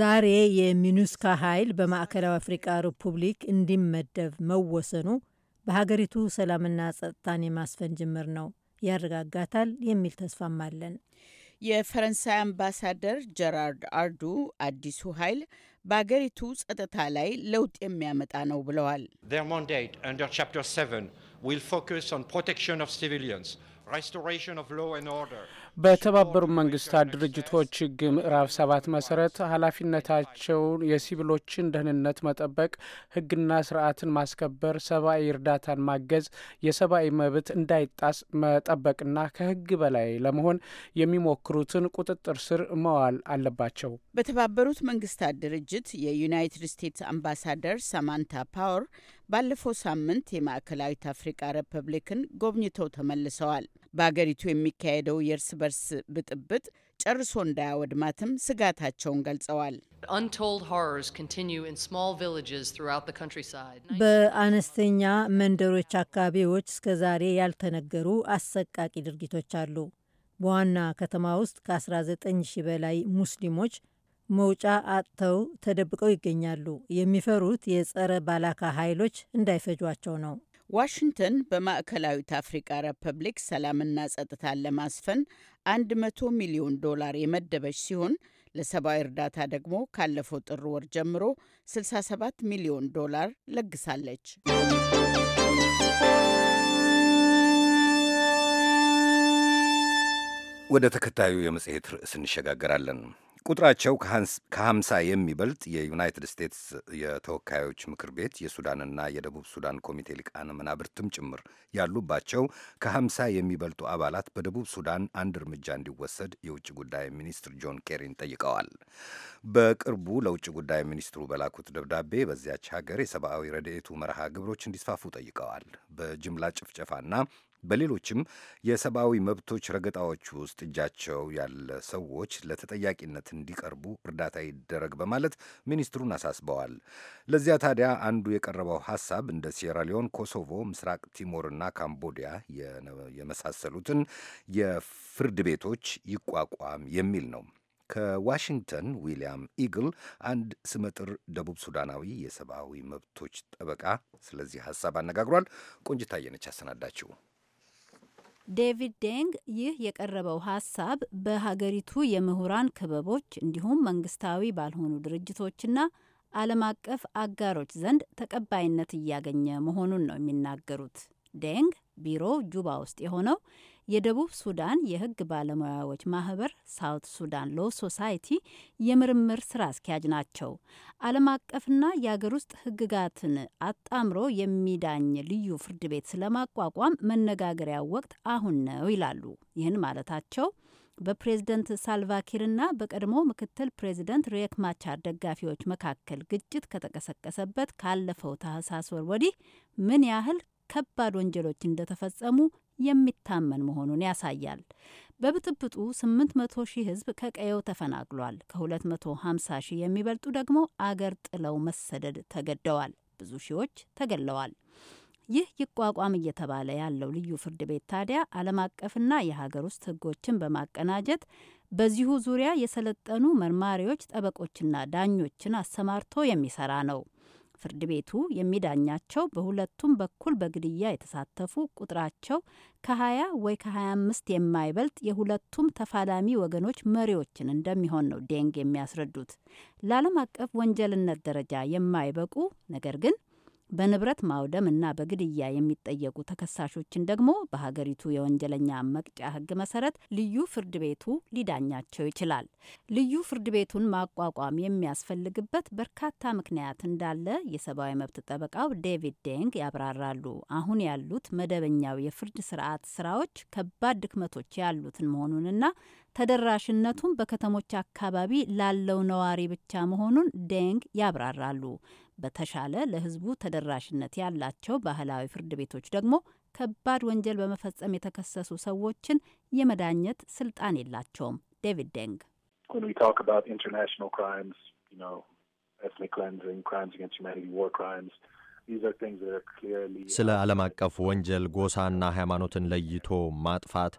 ዛሬ የሚኑስካ ኃይል በማዕከላዊ አፍሪቃ ሪፑብሊክ እንዲመደብ መወሰኑ በሀገሪቱ ሰላምና ጸጥታን የማስፈን ጅምር ነው፣ ያረጋጋታል የሚል ተስፋም አለን። የፈረንሳይ አምባሳደር ጀራርድ አርዱ አዲሱ ኃይል በአገሪቱ ጸጥታ ላይ ለውጥ የሚያመጣ ነው ብለዋል። በተባበሩት መንግስታት ድርጅቶች ህግ ምዕራፍ ሰባት መሰረት ኃላፊነታቸውን የሲቪሎችን ደህንነት መጠበቅ፣ ህግና ስርዓትን ማስከበር፣ ሰብአዊ እርዳታን ማገዝ፣ የሰብአዊ መብት እንዳይጣስ መጠበቅና ከህግ በላይ ለመሆን የሚሞክሩትን ቁጥጥር ስር መዋል አለባቸው። በተባበሩት መንግስታት ድርጅት የዩናይትድ ስቴትስ አምባሳደር ሳማንታ ፓወር ባለፈው ሳምንት የማዕከላዊት አፍሪቃ ሪፐብሊክን ጎብኝተው ተመልሰዋል። በአገሪቱ የሚካሄደው የእርስ በርስ ብጥብጥ ጨርሶ እንዳያወድማትም ስጋታቸውን ገልጸዋል። በአነስተኛ መንደሮች አካባቢዎች እስከ ዛሬ ያልተነገሩ አሰቃቂ ድርጊቶች አሉ። በዋና ከተማ ውስጥ ከ19 ሺ በላይ ሙስሊሞች መውጫ አጥተው ተደብቀው ይገኛሉ። የሚፈሩት የጸረ ባላካ ኃይሎች እንዳይፈጇቸው ነው። ዋሽንግተን በማዕከላዊት አፍሪካ ሪፐብሊክ ሰላምና ጸጥታን ለማስፈን 100 ሚሊዮን ዶላር የመደበች ሲሆን ለሰብአዊ እርዳታ ደግሞ ካለፈው ጥር ወር ጀምሮ 67 ሚሊዮን ዶላር ለግሳለች። ወደ ተከታዩ የመጽሔት ርዕስ እንሸጋገራለን። ቁጥራቸው ከ50 የሚበልጥ የዩናይትድ ስቴትስ የተወካዮች ምክር ቤት የሱዳንና የደቡብ ሱዳን ኮሚቴ ሊቃነ መናብርትም ጭምር ያሉባቸው ከ50 የሚበልጡ አባላት በደቡብ ሱዳን አንድ እርምጃ እንዲወሰድ የውጭ ጉዳይ ሚኒስትር ጆን ኬሪን ጠይቀዋል። በቅርቡ ለውጭ ጉዳይ ሚኒስትሩ በላኩት ደብዳቤ በዚያች ሀገር የሰብአዊ ረድኤቱ መርሃ ግብሮች እንዲስፋፉ ጠይቀዋል። በጅምላ ጭፍጨፋና በሌሎችም የሰብአዊ መብቶች ረገጣዎች ውስጥ እጃቸው ያለ ሰዎች ለተጠያቂነት እንዲቀርቡ እርዳታ ይደረግ በማለት ሚኒስትሩን አሳስበዋል። ለዚያ ታዲያ አንዱ የቀረበው ሐሳብ እንደ ሴራሊዮን፣ ኮሶቮ፣ ምስራቅ ቲሞርና ካምቦዲያ የመሳሰሉትን የፍርድ ቤቶች ይቋቋም የሚል ነው። ከዋሽንግተን ዊልያም ኢግል አንድ ስመጥር ደቡብ ሱዳናዊ የሰብአዊ መብቶች ጠበቃ ስለዚህ ሀሳብ አነጋግሯል። የነች አሰናዳችው። ዴቪድ ዴንግ ይህ የቀረበው ሀሳብ በሀገሪቱ የምሁራን ክበቦች እንዲሁም መንግስታዊ ባልሆኑ ድርጅቶችና ዓለም አቀፍ አጋሮች ዘንድ ተቀባይነት እያገኘ መሆኑን ነው የሚናገሩት። ዴንግ ቢሮ ጁባ ውስጥ የሆነው የደቡብ ሱዳን የህግ ባለሙያዎች ማህበር ሳውት ሱዳን ሎ ሶሳይቲ የምርምር ስራ አስኪያጅ ናቸው። ዓለም አቀፍና የአገር ውስጥ ህግጋትን አጣምሮ የሚዳኝ ልዩ ፍርድ ቤት ስለማቋቋም መነጋገሪያው ወቅት አሁን ነው ይላሉ። ይህን ማለታቸው በፕሬዝደንት ሳልቫኪርና በቀድሞ ምክትል ፕሬዝደንት ሪየክ ማቻር ደጋፊዎች መካከል ግጭት ከተቀሰቀሰበት ካለፈው ታህሳስ ወር ወዲህ ምን ያህል ከባድ ወንጀሎች እንደተፈጸሙ የሚታመን መሆኑን ያሳያል። በብጥብጡ 800 ሺህ ህዝብ ከቀየው ተፈናቅሏል። ከ250 ሺህ የሚበልጡ ደግሞ አገር ጥለው መሰደድ ተገደዋል። ብዙ ሺዎች ተገለዋል። ይህ ይቋቋም እየተባለ ያለው ልዩ ፍርድ ቤት ታዲያ ዓለም አቀፍና የሀገር ውስጥ ህጎችን በማቀናጀት በዚሁ ዙሪያ የሰለጠኑ መርማሪዎች፣ ጠበቆችና ዳኞችን አሰማርቶ የሚሰራ ነው። ፍርድ ቤቱ የሚዳኛቸው በሁለቱም በኩል በግድያ የተሳተፉ ቁጥራቸው ከ20 ወይ ከ25 የማይበልጥ የሁለቱም ተፋላሚ ወገኖች መሪዎችን እንደሚሆን ነው ዴንግ የሚያስረዱት። ለዓለም አቀፍ ወንጀልነት ደረጃ የማይበቁ ነገር ግን በንብረት ማውደም እና በግድያ የሚጠየቁ ተከሳሾችን ደግሞ በሀገሪቱ የወንጀለኛ መቅጫ ሕግ መሰረት ልዩ ፍርድ ቤቱ ሊዳኛቸው ይችላል። ልዩ ፍርድ ቤቱን ማቋቋም የሚያስፈልግበት በርካታ ምክንያት እንዳለ የሰብአዊ መብት ጠበቃው ዴቪድ ዴንግ ያብራራሉ። አሁን ያሉት መደበኛው የፍርድ ስርዓት ስራዎች ከባድ ድክመቶች ያሉትን መሆኑንና ተደራሽነቱን በከተሞች አካባቢ ላለው ነዋሪ ብቻ መሆኑን ዴንግ ያብራራሉ። በተሻለ ለህዝቡ ተደራሽነት ያላቸው ባህላዊ ፍርድ ቤቶች ደግሞ ከባድ ወንጀል በመፈጸም የተከሰሱ ሰዎችን የመዳኘት ስልጣን የላቸውም። ዴቪድ ደንግ ስለ ዓለም አቀፍ ወንጀል ጎሳና ሃይማኖትን ለይቶ ማጥፋት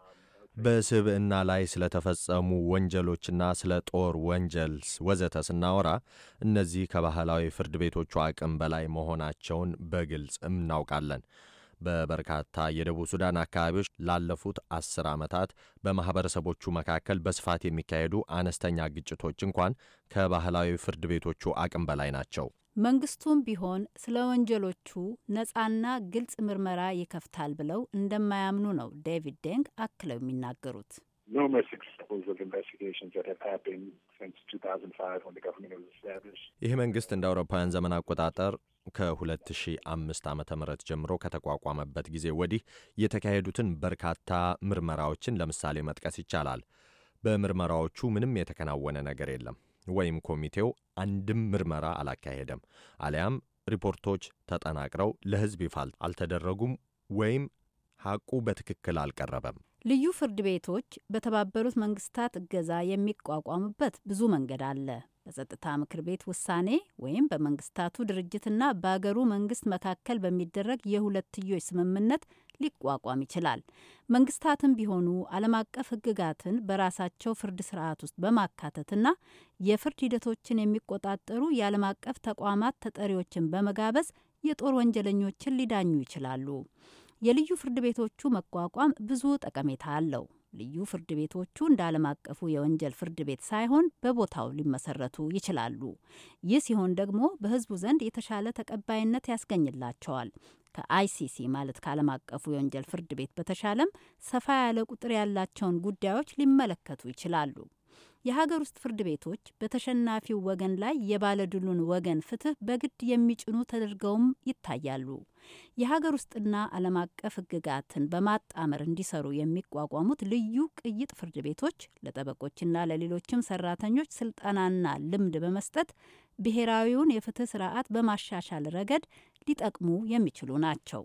በስብዕና ላይ ስለተፈጸሙ ወንጀሎችና ስለ ጦር ወንጀል ወዘተ ስናወራ እነዚህ ከባህላዊ ፍርድ ቤቶቹ አቅም በላይ መሆናቸውን በግልጽ እናውቃለን። በበርካታ የደቡብ ሱዳን አካባቢዎች ላለፉት አስር ዓመታት በማኅበረሰቦቹ መካከል በስፋት የሚካሄዱ አነስተኛ ግጭቶች እንኳን ከባህላዊ ፍርድ ቤቶቹ አቅም በላይ ናቸው። መንግስቱም ቢሆን ስለ ወንጀሎቹ ነጻና ግልጽ ምርመራ ይከፍታል ብለው እንደማያምኑ ነው ዴቪድ ደንግ አክለው የሚናገሩት። ይህ መንግስት እንደ አውሮፓውያን ዘመን አቆጣጠር ከ2005 ዓ ም ጀምሮ ከተቋቋመበት ጊዜ ወዲህ የተካሄዱትን በርካታ ምርመራዎችን ለምሳሌ መጥቀስ ይቻላል። በምርመራዎቹ ምንም የተከናወነ ነገር የለም። ወይም ኮሚቴው አንድም ምርመራ አላካሄደም አሊያም ሪፖርቶች ተጠናቅረው ለሕዝብ ይፋ አልተደረጉም ወይም ሐቁ በትክክል አልቀረበም። ልዩ ፍርድ ቤቶች በተባበሩት መንግስታት እገዛ የሚቋቋሙበት ብዙ መንገድ አለ። በጸጥታ ምክር ቤት ውሳኔ ወይም በመንግስታቱ ድርጅትና በአገሩ መንግስት መካከል በሚደረግ የሁለትዮሽ ስምምነት ሊቋቋም ይችላል። መንግስታትም ቢሆኑ ዓለም አቀፍ ሕግጋትን በራሳቸው ፍርድ ስርዓት ውስጥ በማካተትና የፍርድ ሂደቶችን የሚቆጣጠሩ የዓለም አቀፍ ተቋማት ተጠሪዎችን በመጋበዝ የጦር ወንጀለኞችን ሊዳኙ ይችላሉ። የልዩ ፍርድ ቤቶቹ መቋቋም ብዙ ጠቀሜታ አለው። ልዩ ፍርድ ቤቶቹ እንደ ዓለም አቀፉ የወንጀል ፍርድ ቤት ሳይሆን በቦታው ሊመሰረቱ ይችላሉ። ይህ ሲሆን ደግሞ በህዝቡ ዘንድ የተሻለ ተቀባይነት ያስገኝላቸዋል። ከአይሲሲ ማለት ከዓለም አቀፉ የወንጀል ፍርድ ቤት በተሻለም ሰፋ ያለ ቁጥር ያላቸውን ጉዳዮች ሊመለከቱ ይችላሉ። የሀገር ውስጥ ፍርድ ቤቶች በተሸናፊው ወገን ላይ የባለድሉን ወገን ፍትህ በግድ የሚጭኑ ተደርገውም ይታያሉ። የሀገር ውስጥና ዓለም አቀፍ ሕግጋትን በማጣመር እንዲሰሩ የሚቋቋሙት ልዩ ቅይጥ ፍርድ ቤቶች ለጠበቆችና ለሌሎችም ሰራተኞች ስልጠናና ልምድ በመስጠት ብሔራዊውን የፍትህ ስርዓት በማሻሻል ረገድ ሊጠቅሙ የሚችሉ ናቸው።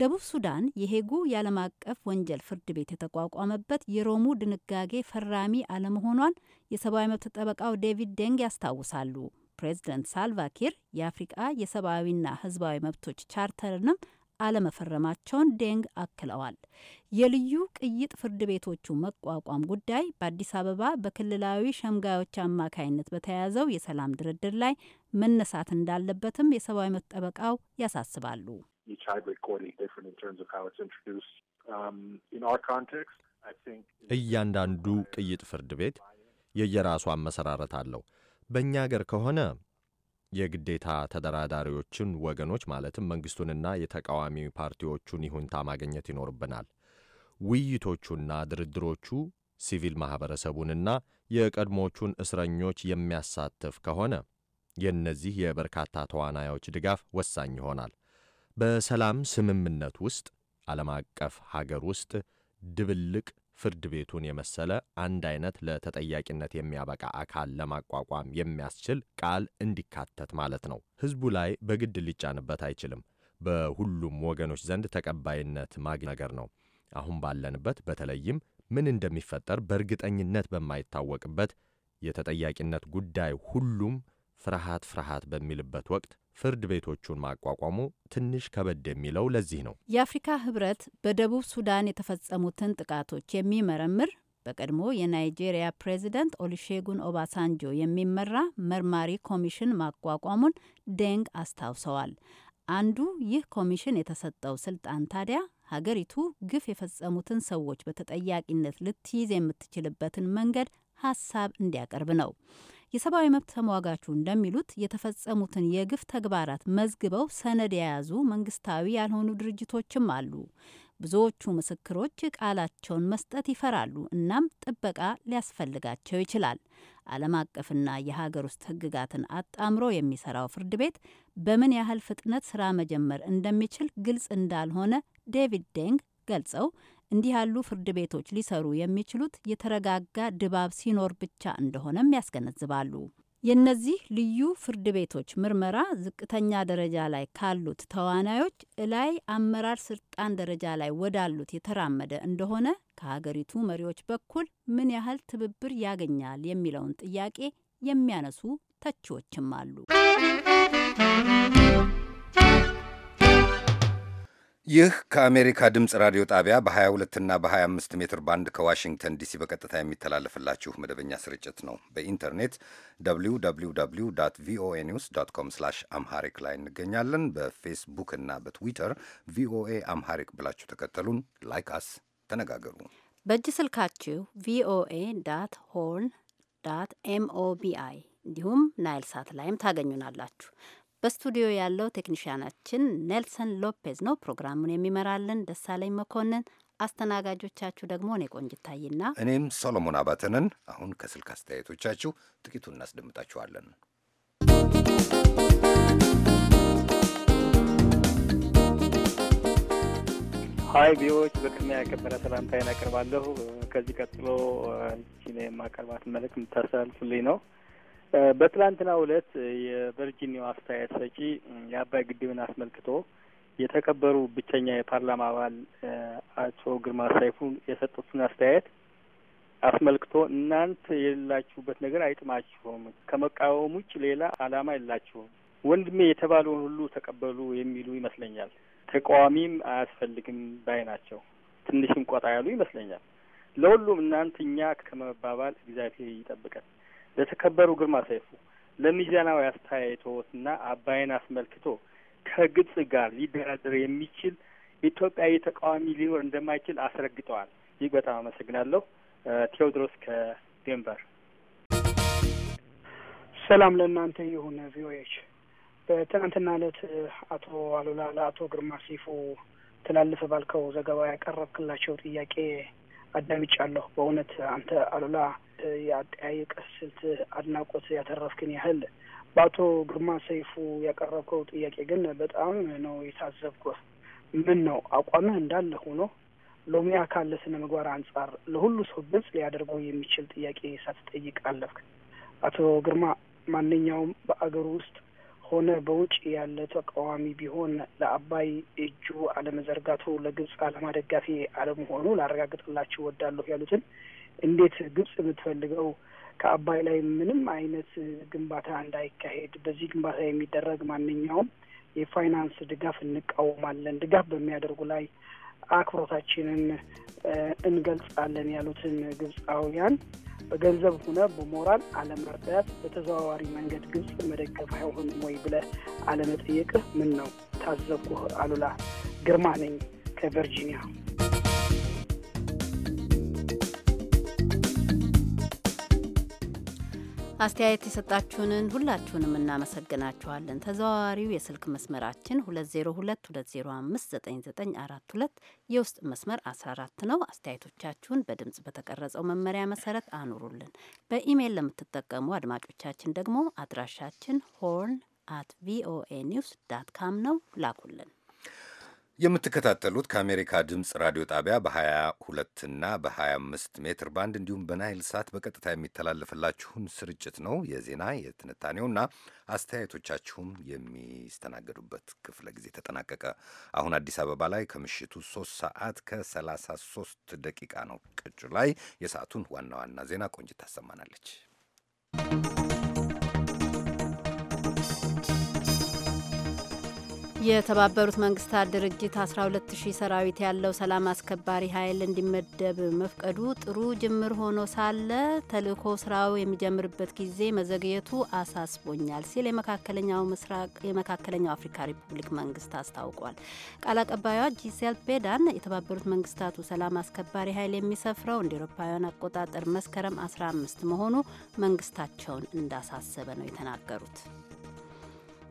ደቡብ ሱዳን የሄጉ የዓለም አቀፍ ወንጀል ፍርድ ቤት የተቋቋመበት የሮሙ ድንጋጌ ፈራሚ አለመሆኗን የሰብአዊ መብት ጠበቃው ዴቪድ ደንግ ያስታውሳሉ። ፕሬዚደንት ሳልቫኪር የአፍሪቃ የሰብአዊና ሕዝባዊ መብቶች ቻርተርንም አለመፈረማቸውን ደንግ አክለዋል። የልዩ ቅይጥ ፍርድ ቤቶቹ መቋቋም ጉዳይ በአዲስ አበባ በክልላዊ ሸምጋዮች አማካይነት በተያያዘው የሰላም ድርድር ላይ መነሳት እንዳለበትም የሰብአዊ መብት ጠበቃው ያሳስባሉ። each hybrid chord is different in terms of how it's introduced. Um, in our context, I think እያንዳንዱ ቅይጥ ፍርድ ቤት የየራሱ መሰራረት አለው። በእኛ አገር ከሆነ የግዴታ ተደራዳሪዎችን ወገኖች ማለትም መንግስቱንና የተቃዋሚ ፓርቲዎቹን ይሁንታ ማግኘት ይኖርብናል። ውይይቶቹና ድርድሮቹ ሲቪል ማኅበረሰቡንና የቀድሞቹን እስረኞች የሚያሳትፍ ከሆነ የእነዚህ የበርካታ ተዋናዮች ድጋፍ ወሳኝ ይሆናል። በሰላም ስምምነት ውስጥ ዓለም አቀፍ ሀገር ውስጥ ድብልቅ ፍርድ ቤቱን የመሰለ አንድ አይነት ለተጠያቂነት የሚያበቃ አካል ለማቋቋም የሚያስችል ቃል እንዲካተት ማለት ነው። ህዝቡ ላይ በግድ ሊጫንበት አይችልም። በሁሉም ወገኖች ዘንድ ተቀባይነት ማግ ነገር ነው። አሁን ባለንበት በተለይም ምን እንደሚፈጠር በእርግጠኝነት በማይታወቅበት የተጠያቂነት ጉዳይ ሁሉም ፍርሃት ፍርሃት በሚልበት ወቅት ፍርድ ቤቶቹን ማቋቋሙ ትንሽ ከበድ የሚለው ለዚህ ነው። የአፍሪካ ህብረት በደቡብ ሱዳን የተፈጸሙትን ጥቃቶች የሚመረምር በቀድሞ የናይጄሪያ ፕሬዚደንት ኦሊሼጉን ኦባሳንጆ የሚመራ መርማሪ ኮሚሽን ማቋቋሙን ደንግ አስታውሰዋል። አንዱ ይህ ኮሚሽን የተሰጠው ስልጣን ታዲያ ሀገሪቱ ግፍ የፈጸሙትን ሰዎች በተጠያቂነት ልትይዝ የምትችልበትን መንገድ ሀሳብ እንዲያቀርብ ነው። የሰብአዊ መብት ተሟጋቹ እንደሚሉት የተፈጸሙትን የግፍ ተግባራት መዝግበው ሰነድ የያዙ መንግስታዊ ያልሆኑ ድርጅቶችም አሉ። ብዙዎቹ ምስክሮች ቃላቸውን መስጠት ይፈራሉ። እናም ጥበቃ ሊያስፈልጋቸው ይችላል። ዓለም አቀፍና የሀገር ውስጥ ህግጋትን አጣምሮ የሚሰራው ፍርድ ቤት በምን ያህል ፍጥነት ስራ መጀመር እንደሚችል ግልጽ እንዳልሆነ ዴቪድ ዴንግ ገልጸው እንዲህ ያሉ ፍርድ ቤቶች ሊሰሩ የሚችሉት የተረጋጋ ድባብ ሲኖር ብቻ እንደሆነም ያስገነዝባሉ። የእነዚህ ልዩ ፍርድ ቤቶች ምርመራ ዝቅተኛ ደረጃ ላይ ካሉት ተዋናዮች እላይ አመራር ስልጣን ደረጃ ላይ ወዳሉት የተራመደ እንደሆነ ከሀገሪቱ መሪዎች በኩል ምን ያህል ትብብር ያገኛል የሚለውን ጥያቄ የሚያነሱ ተቺዎችም አሉ። ይህ ከአሜሪካ ድምፅ ራዲዮ ጣቢያ በ22 እና በ25 ሜትር ባንድ ከዋሽንግተን ዲሲ በቀጥታ የሚተላለፍላችሁ መደበኛ ስርጭት ነው። በኢንተርኔት www ቪኦኤ ኒውስ ዶት ኮም ስላሽ አምሃሪክ ላይ እንገኛለን። በፌስቡክ እና በትዊተር ቪኦኤ አምሃሪክ ብላችሁ ተከተሉን፣ ላይክ አስ፣ ተነጋገሩ። በእጅ ስልካችሁ ቪኦኤ ዳት ሆርን ዳት ኤምኦቢአይ እንዲሁም ናይል ሳት ላይም ታገኙናላችሁ። በስቱዲዮ ያለው ቴክኒሽያናችን ኔልሰን ሎፔዝ ነው። ፕሮግራሙን የሚመራልን ደሳለኝ መኮንን፣ አስተናጋጆቻችሁ ደግሞ እኔ ቆንጅታይና እኔም ሶሎሞን አባተንን። አሁን ከስልክ አስተያየቶቻችሁ ጥቂቱን እናስደምጣችኋለን። ሀይ ቢዎች በቅድሚያ የከበረ ሰላምታዬን አቀርባለሁ። ከዚህ ቀጥሎ ቺኔ የማቀርባት መልእክት የምታስተላልፉልኝ ነው በትላንትናው ዕለት የቨርጂኒያው አስተያየት ሰጪ የአባይ ግድብን አስመልክቶ የተከበሩ ብቸኛ የፓርላማ አባል አቶ ግርማ ሰይፉ የሰጡትን አስተያየት አስመልክቶ እናንት የሌላችሁበት ነገር አይጥማችሁም፣ ከመቃወም ውጭ ሌላ አላማ የላችሁም፣ ወንድሜ የተባለውን ሁሉ ተቀበሉ የሚሉ ይመስለኛል። ተቃዋሚም አያስፈልግም ባይ ናቸው። ትንሽም ቆጣ ያሉ ይመስለኛል። ለሁሉም እናንት እኛ ከመባባል እግዚአብሔር ይጠብቀን። ለተከበሩ ግርማ ሰይፉ ለሚዛናዊ አስተያየቶትና አባይን አስመልክቶ ከግብጽ ጋር ሊደራደር የሚችል ኢትዮጵያዊ ተቃዋሚ ሊኖር እንደማይችል አስረግጠዋል። ይህ በጣም አመሰግናለሁ። ቴዎድሮስ ከዴንቨር። ሰላም ለእናንተ ይሁን ቪኦኤች። በትናንትና ዕለት አቶ አሉላ ለአቶ ግርማ ሰይፉ ትላልፍ ባልከው ዘገባ ያቀረብክላቸው ጥያቄ አዳምጫለሁ። በእውነት አንተ አሉላ የአጠያየቅ ስልት አድናቆት ያተረፍክን ያህል በአቶ ግርማ ሰይፉ ያቀረብከው ጥያቄ ግን በጣም ነው የታዘብኩህ። ምን ነው አቋምህ እንዳለ ሆኖ ሎሚያ ካለ ስነ ምግባር አንጻር ለሁሉ ሰው ግልጽ ሊያደርገው የሚችል ጥያቄ ሳትጠይቅ አለፍክ። አቶ ግርማ ማንኛውም በአገር ውስጥ ሆነ በውጭ ያለ ተቃዋሚ ቢሆን ለአባይ እጁ አለመዘርጋቱ ለግብፅ አለማደጋፊ አለመሆኑ ላረጋግጥላችሁ ወዳለሁ ያሉትን እንዴት ግብጽ የምትፈልገው ከአባይ ላይ ምንም አይነት ግንባታ እንዳይካሄድ፣ በዚህ ግንባታ የሚደረግ ማንኛውም የፋይናንስ ድጋፍ እንቃወማለን፣ ድጋፍ በሚያደርጉ ላይ አክብሮታችንን እንገልጻለን ያሉትን ግብፃውያን በገንዘብ ሆነ በሞራል አለመርዳት፣ በተዘዋዋሪ መንገድ ግብፅ መደገፍ አይሆንም ወይ ብለህ አለመጠየቅህ ምን ነው? ታዘብኩህ። አሉላ ግርማ ነኝ ከቨርጂኒያ። አስተያየት የሰጣችሁንን ሁላችሁንም እናመሰግናችኋለን። ተዘዋዋሪው የስልክ መስመራችን 2022059942 የውስጥ መስመር 14 ነው። አስተያየቶቻችሁን በድምፅ በተቀረጸው መመሪያ መሰረት አኑሩልን። በኢሜይል ለምትጠቀሙ አድማጮቻችን ደግሞ አድራሻችን ሆርን አት ቪኦኤ ኒውስ ዳት ካም ነው። ላኩልን። የምትከታተሉት ከአሜሪካ ድምፅ ራዲዮ ጣቢያ በ22 እና በ25 ሜትር ባንድ እንዲሁም በናይል ሳት በቀጥታ የሚተላለፍላችሁን ስርጭት ነው። የዜና የትንታኔውና አስተያየቶቻችሁም የሚስተናገዱበት ክፍለ ጊዜ ተጠናቀቀ። አሁን አዲስ አበባ ላይ ከምሽቱ 3 ሰዓት ከ33 ደቂቃ ነው። ቅጩ ላይ የሰዓቱን ዋና ዋና ዜና ቆንጅት ታሰማናለች። የተባበሩት መንግስታት ድርጅት 12000 ሰራዊት ያለው ሰላም አስከባሪ ኃይል እንዲመደብ መፍቀዱ ጥሩ ጅምር ሆኖ ሳለ ተልእኮ ስራው የሚጀምርበት ጊዜ መዘግየቱ አሳስቦኛል ሲል የመካከለኛው ምስራቅ የመካከለኛው አፍሪካ ሪፑብሊክ መንግስት አስታውቋል። ቃል አቀባዩ ጂሴል ፔዳን የተባበሩት መንግስታቱ ሰላም አስከባሪ ኃይል የሚሰፍረው እንደ ኤሮፓውያን አቆጣጠር መስከረም 15 መሆኑ መንግስታቸውን እንዳሳሰበ ነው የተናገሩት።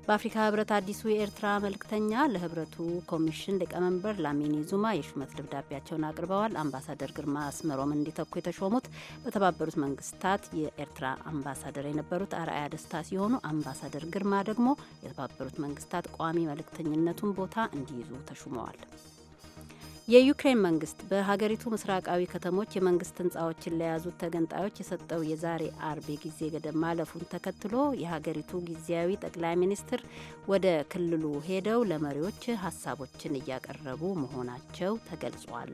በአፍሪካ ህብረት አዲሱ የኤርትራ መልእክተኛ ለህብረቱ ኮሚሽን ሊቀመንበር ላሚኒ ዙማ የሹመት ደብዳቤያቸውን አቅርበዋል። አምባሳደር ግርማ አስመሮም እንዲተኩ የተሾሙት በተባበሩት መንግስታት የኤርትራ አምባሳደር የነበሩት አርአያ ደስታ ሲሆኑ አምባሳደር ግርማ ደግሞ የተባበሩት መንግስታት ቋሚ መልክተኝነቱን ቦታ እንዲይዙ ተሹመዋል። የዩክሬን መንግስት በሀገሪቱ ምስራቃዊ ከተሞች የመንግስት ህንፃዎችን ለያዙት ተገንጣዮች የሰጠው የዛሬ አርብ ጊዜ ገደብ ማለፉን ተከትሎ የሀገሪቱ ጊዜያዊ ጠቅላይ ሚኒስትር ወደ ክልሉ ሄደው ለመሪዎች ሀሳቦችን እያቀረቡ መሆናቸው ተገልጿል።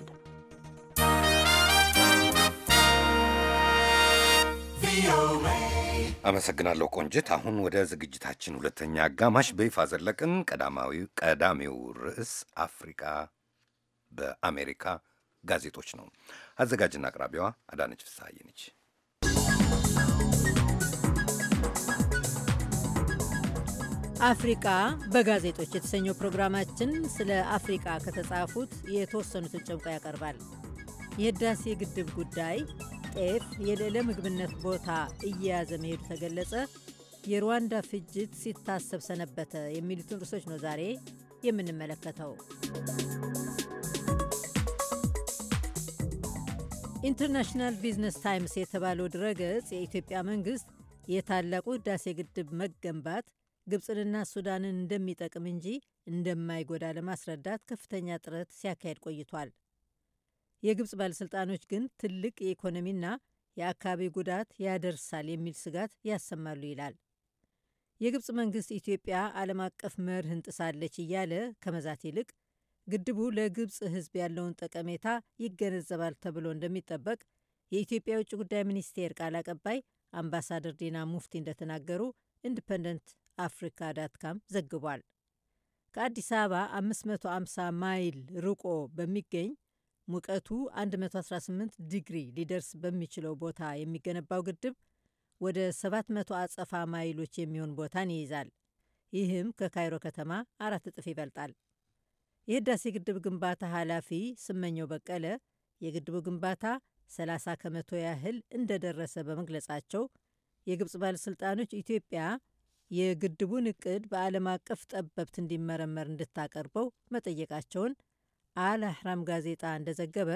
አመሰግናለሁ ቆንጅት። አሁን ወደ ዝግጅታችን ሁለተኛ አጋማሽ በይፋ ዘለቅን። ቀዳሚው ርዕስ አፍሪቃ በአሜሪካ ጋዜጦች ነው። አዘጋጅና አቅራቢዋ አዳነች ፍስሐዬ ነች። አፍሪቃ በጋዜጦች የተሰኘው ፕሮግራማችን ስለ አፍሪቃ ከተጻፉት የተወሰኑትን ጨምቆ ያቀርባል። የህዳሴ ግድብ ጉዳይ፣ ጤፍ የልዕለ ምግብነት ቦታ እየያዘ መሄዱ ተገለጸ፣ የሩዋንዳ ፍጅት ሲታሰብ ሰነበተ የሚሉትን ርዕሶች ነው ዛሬ የምንመለከተው። ኢንተርናሽናል ቢዝነስ ታይምስ የተባለው ድረገጽ የኢትዮጵያ መንግሥት የታላቁ ህዳሴ ግድብ መገንባት ግብፅንና ሱዳንን እንደሚጠቅም እንጂ እንደማይጎዳ ለማስረዳት ከፍተኛ ጥረት ሲያካሄድ ቆይቷል። የግብፅ ባለሥልጣኖች ግን ትልቅ የኢኮኖሚና የአካባቢ ጉዳት ያደርሳል የሚል ስጋት ያሰማሉ ይላል። የግብፅ መንግሥት ኢትዮጵያ ዓለም አቀፍ መርህ እንጥሳለች እያለ ከመዛት ይልቅ ግድቡ ለግብፅ ህዝብ ያለውን ጠቀሜታ ይገነዘባል ተብሎ እንደሚጠበቅ የኢትዮጵያ የውጭ ጉዳይ ሚኒስቴር ቃል አቀባይ አምባሳደር ዲና ሙፍቲ እንደተናገሩ ኢንዲፐንደንት አፍሪካ ዳትካም ዘግቧል። ከአዲስ አበባ 550 ማይል ርቆ በሚገኝ ሙቀቱ 118 ዲግሪ ሊደርስ በሚችለው ቦታ የሚገነባው ግድብ ወደ 700 አጸፋ ማይሎች የሚሆን ቦታን ይይዛል። ይህም ከካይሮ ከተማ አራት እጥፍ ይበልጣል። የህዳሴ ግድብ ግንባታ ኃላፊ ስመኘው በቀለ የግድቡ ግንባታ 30 ከመቶ ያህል እንደደረሰ በመግለጻቸው የግብፅ ባለሥልጣኖች ኢትዮጵያ የግድቡን እቅድ በዓለም አቀፍ ጠበብት እንዲመረመር እንድታቀርበው መጠየቃቸውን አልአህራም ጋዜጣ እንደዘገበ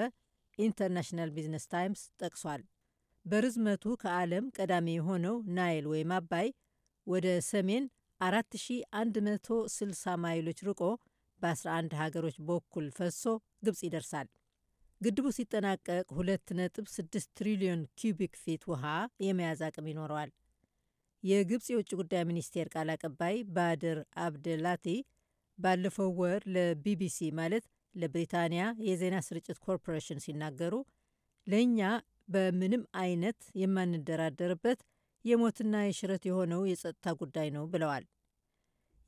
ኢንተርናሽናል ቢዝነስ ታይምስ ጠቅሷል። በርዝመቱ ከዓለም ቀዳሚ የሆነው ናይል ወይም አባይ ወደ ሰሜን 4160 ማይሎች ርቆ በ11 ሀገሮች በኩል ፈሶ ግብፅ ይደርሳል። ግድቡ ሲጠናቀቅ 2.6 ትሪሊዮን ኪዩቢክ ፊት ውሃ የመያዝ አቅም ይኖረዋል። የግብፅ የውጭ ጉዳይ ሚኒስቴር ቃል አቀባይ ባድር አብደላቲ ባለፈው ወር ለቢቢሲ ማለት ለብሪታንያ የዜና ስርጭት ኮርፖሬሽን ሲናገሩ ለእኛ በምንም አይነት የማንደራደርበት የሞትና የሽረት የሆነው የጸጥታ ጉዳይ ነው ብለዋል።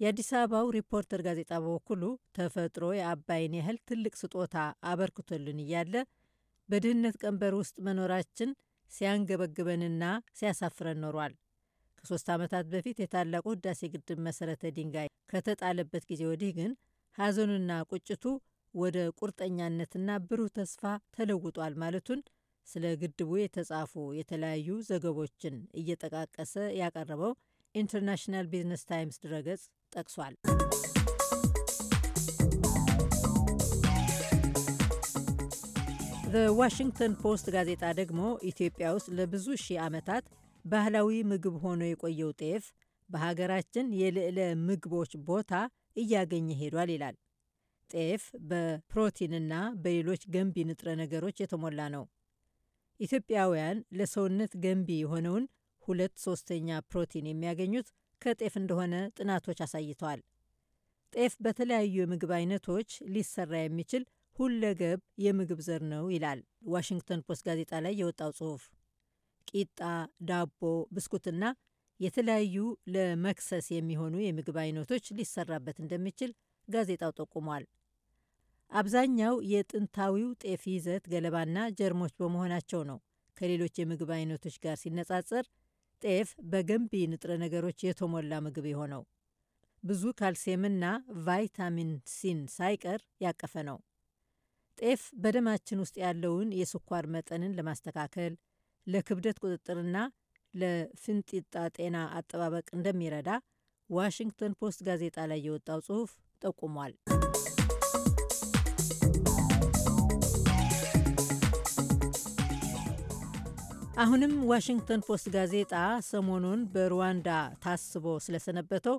የአዲስ አበባው ሪፖርተር ጋዜጣ በበኩሉ ተፈጥሮ የአባይን ያህል ትልቅ ስጦታ አበርክቶልን እያለ በድህነት ቀንበር ውስጥ መኖራችን ሲያንገበግበንና ሲያሳፍረን ኖሯል። ከሶስት ዓመታት በፊት የታላቁ ህዳሴ ግድብ መሰረተ ድንጋይ ከተጣለበት ጊዜ ወዲህ ግን ሐዘኑና ቁጭቱ ወደ ቁርጠኛነትና ብሩህ ተስፋ ተለውጧል ማለቱን ስለ ግድቡ የተጻፉ የተለያዩ ዘገቦችን እየጠቃቀሰ ያቀረበው ኢንተርናሽናል ቢዝነስ ታይምስ ድረገጽ ጠቅሷል። ዋሽንግተን ፖስት ጋዜጣ ደግሞ ኢትዮጵያ ውስጥ ለብዙ ሺህ ዓመታት ባህላዊ ምግብ ሆኖ የቆየው ጤፍ በሀገራችን የልዕለ ምግቦች ቦታ እያገኘ ሄዷል ይላል። ጤፍ በፕሮቲንና በሌሎች ገንቢ ንጥረ ነገሮች የተሞላ ነው። ኢትዮጵያውያን ለሰውነት ገንቢ የሆነውን ሁለት ሶስተኛ ፕሮቲን የሚያገኙት ከጤፍ እንደሆነ ጥናቶች አሳይተዋል። ጤፍ በተለያዩ የምግብ አይነቶች ሊሰራ የሚችል ሁለገብ የምግብ ዘር ነው ይላል ዋሽንግተን ፖስት ጋዜጣ ላይ የወጣው ጽሑፍ። ቂጣ፣ ዳቦ፣ ብስኩትና የተለያዩ ለመክሰስ የሚሆኑ የምግብ አይነቶች ሊሰራበት እንደሚችል ጋዜጣው ጠቁሟል። አብዛኛው የጥንታዊው ጤፍ ይዘት ገለባና ጀርሞች በመሆናቸው ነው ከሌሎች የምግብ አይነቶች ጋር ሲነጻጸር ጤፍ በገንቢ ንጥረ ነገሮች የተሞላ ምግብ የሆነው ብዙ ካልሲየምና ቫይታሚን ሲን ሳይቀር ያቀፈ ነው። ጤፍ በደማችን ውስጥ ያለውን የስኳር መጠንን ለማስተካከል ለክብደት ቁጥጥርና ለፍንጢጣ ጤና አጠባበቅ እንደሚረዳ ዋሽንግተን ፖስት ጋዜጣ ላይ የወጣው ጽሑፍ ጠቁሟል። አሁንም ዋሽንግተን ፖስት ጋዜጣ ሰሞኑን በሩዋንዳ ታስቦ ስለሰነበተው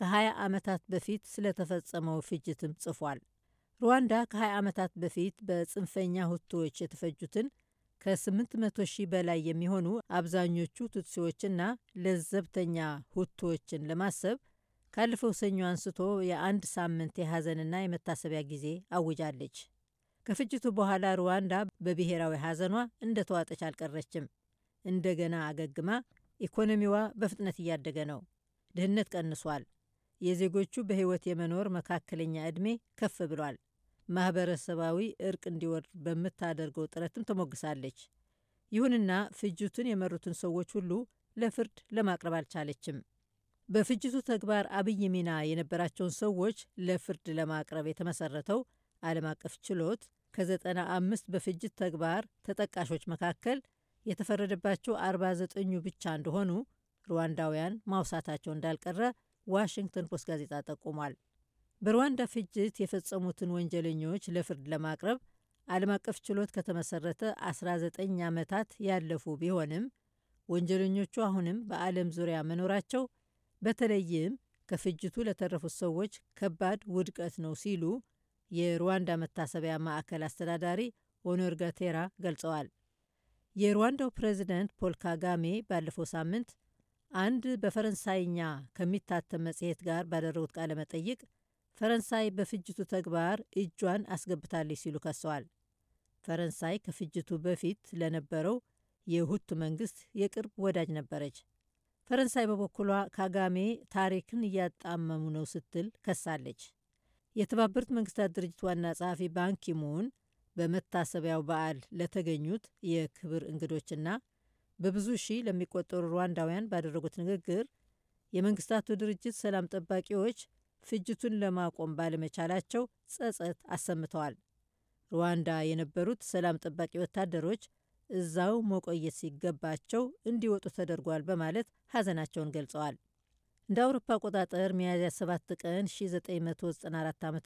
ከ20 ዓመታት በፊት ስለተፈጸመው ፍጅትም ጽፏል። ሩዋንዳ ከ20 ዓመታት በፊት በጽንፈኛ ሁቶዎች የተፈጁትን ከ800 ሺህ በላይ የሚሆኑ አብዛኞቹ ቱትሲዎችና ለዘብተኛ ሁቶዎችን ለማሰብ ካለፈው ሰኞ አንስቶ የአንድ ሳምንት የሐዘንና የመታሰቢያ ጊዜ አውጃለች። ከፍጅቱ በኋላ ሩዋንዳ በብሔራዊ ሐዘኗ እንደተዋጠች አልቀረችም። እንደገና አገግማ ኢኮኖሚዋ በፍጥነት እያደገ ነው። ድህነት ቀንሷል። የዜጎቹ በሕይወት የመኖር መካከለኛ ዕድሜ ከፍ ብሏል። ማኅበረሰባዊ እርቅ እንዲወርድ በምታደርገው ጥረትም ተሞግሳለች። ይሁንና ፍጅቱን የመሩትን ሰዎች ሁሉ ለፍርድ ለማቅረብ አልቻለችም። በፍጅቱ ተግባር አብይ ሚና የነበራቸውን ሰዎች ለፍርድ ለማቅረብ የተመሰረተው ዓለም አቀፍ ችሎት ከዘጠና አምስት በፍጅት ተግባር ተጠቃሾች መካከል የተፈረደባቸው 49ኙ ብቻ እንደሆኑ ሩዋንዳውያን ማውሳታቸው እንዳልቀረ ዋሽንግተን ፖስት ጋዜጣ ጠቁሟል። በሩዋንዳ ፍጅት የፈጸሙትን ወንጀለኞች ለፍርድ ለማቅረብ ዓለም አቀፍ ችሎት ከተመሰረተ 19 ዓመታት ያለፉ ቢሆንም ወንጀለኞቹ አሁንም በዓለም ዙሪያ መኖራቸው በተለይም ከፍጅቱ ለተረፉት ሰዎች ከባድ ውድቀት ነው ሲሉ የሩዋንዳ መታሰቢያ ማዕከል አስተዳዳሪ ሆኖርጋቴራ ጋቴራ ገልጸዋል። የሩዋንዳው ፕሬዚደንት ፖል ካጋሜ ባለፈው ሳምንት አንድ በፈረንሳይኛ ከሚታተም መጽሔት ጋር ባደረጉት ቃለ መጠይቅ ፈረንሳይ በፍጅቱ ተግባር እጇን አስገብታለች ሲሉ ከሰዋል። ፈረንሳይ ከፍጅቱ በፊት ለነበረው የሁቱ መንግስት የቅርብ ወዳጅ ነበረች። ፈረንሳይ በበኩሏ ካጋሜ ታሪክን እያጣመሙ ነው ስትል ከሳለች። የተባበሩት መንግስታት ድርጅት ዋና ጸሐፊ ባንኪሙን በመታሰቢያው በዓል ለተገኙት የክብር እንግዶችና በብዙ ሺህ ለሚቆጠሩ ሩዋንዳውያን ባደረጉት ንግግር የመንግስታቱ ድርጅት ሰላም ጠባቂዎች ፍጅቱን ለማቆም ባለመቻላቸው ጸጸት አሰምተዋል። ሩዋንዳ የነበሩት ሰላም ጠባቂ ወታደሮች እዛው መቆየት ሲገባቸው እንዲወጡ ተደርጓል በማለት ሐዘናቸውን ገልጸዋል። እንደ አውሮፓ አቆጣጠር ሚያዝያ 7 ቀን 1994 ዓ ም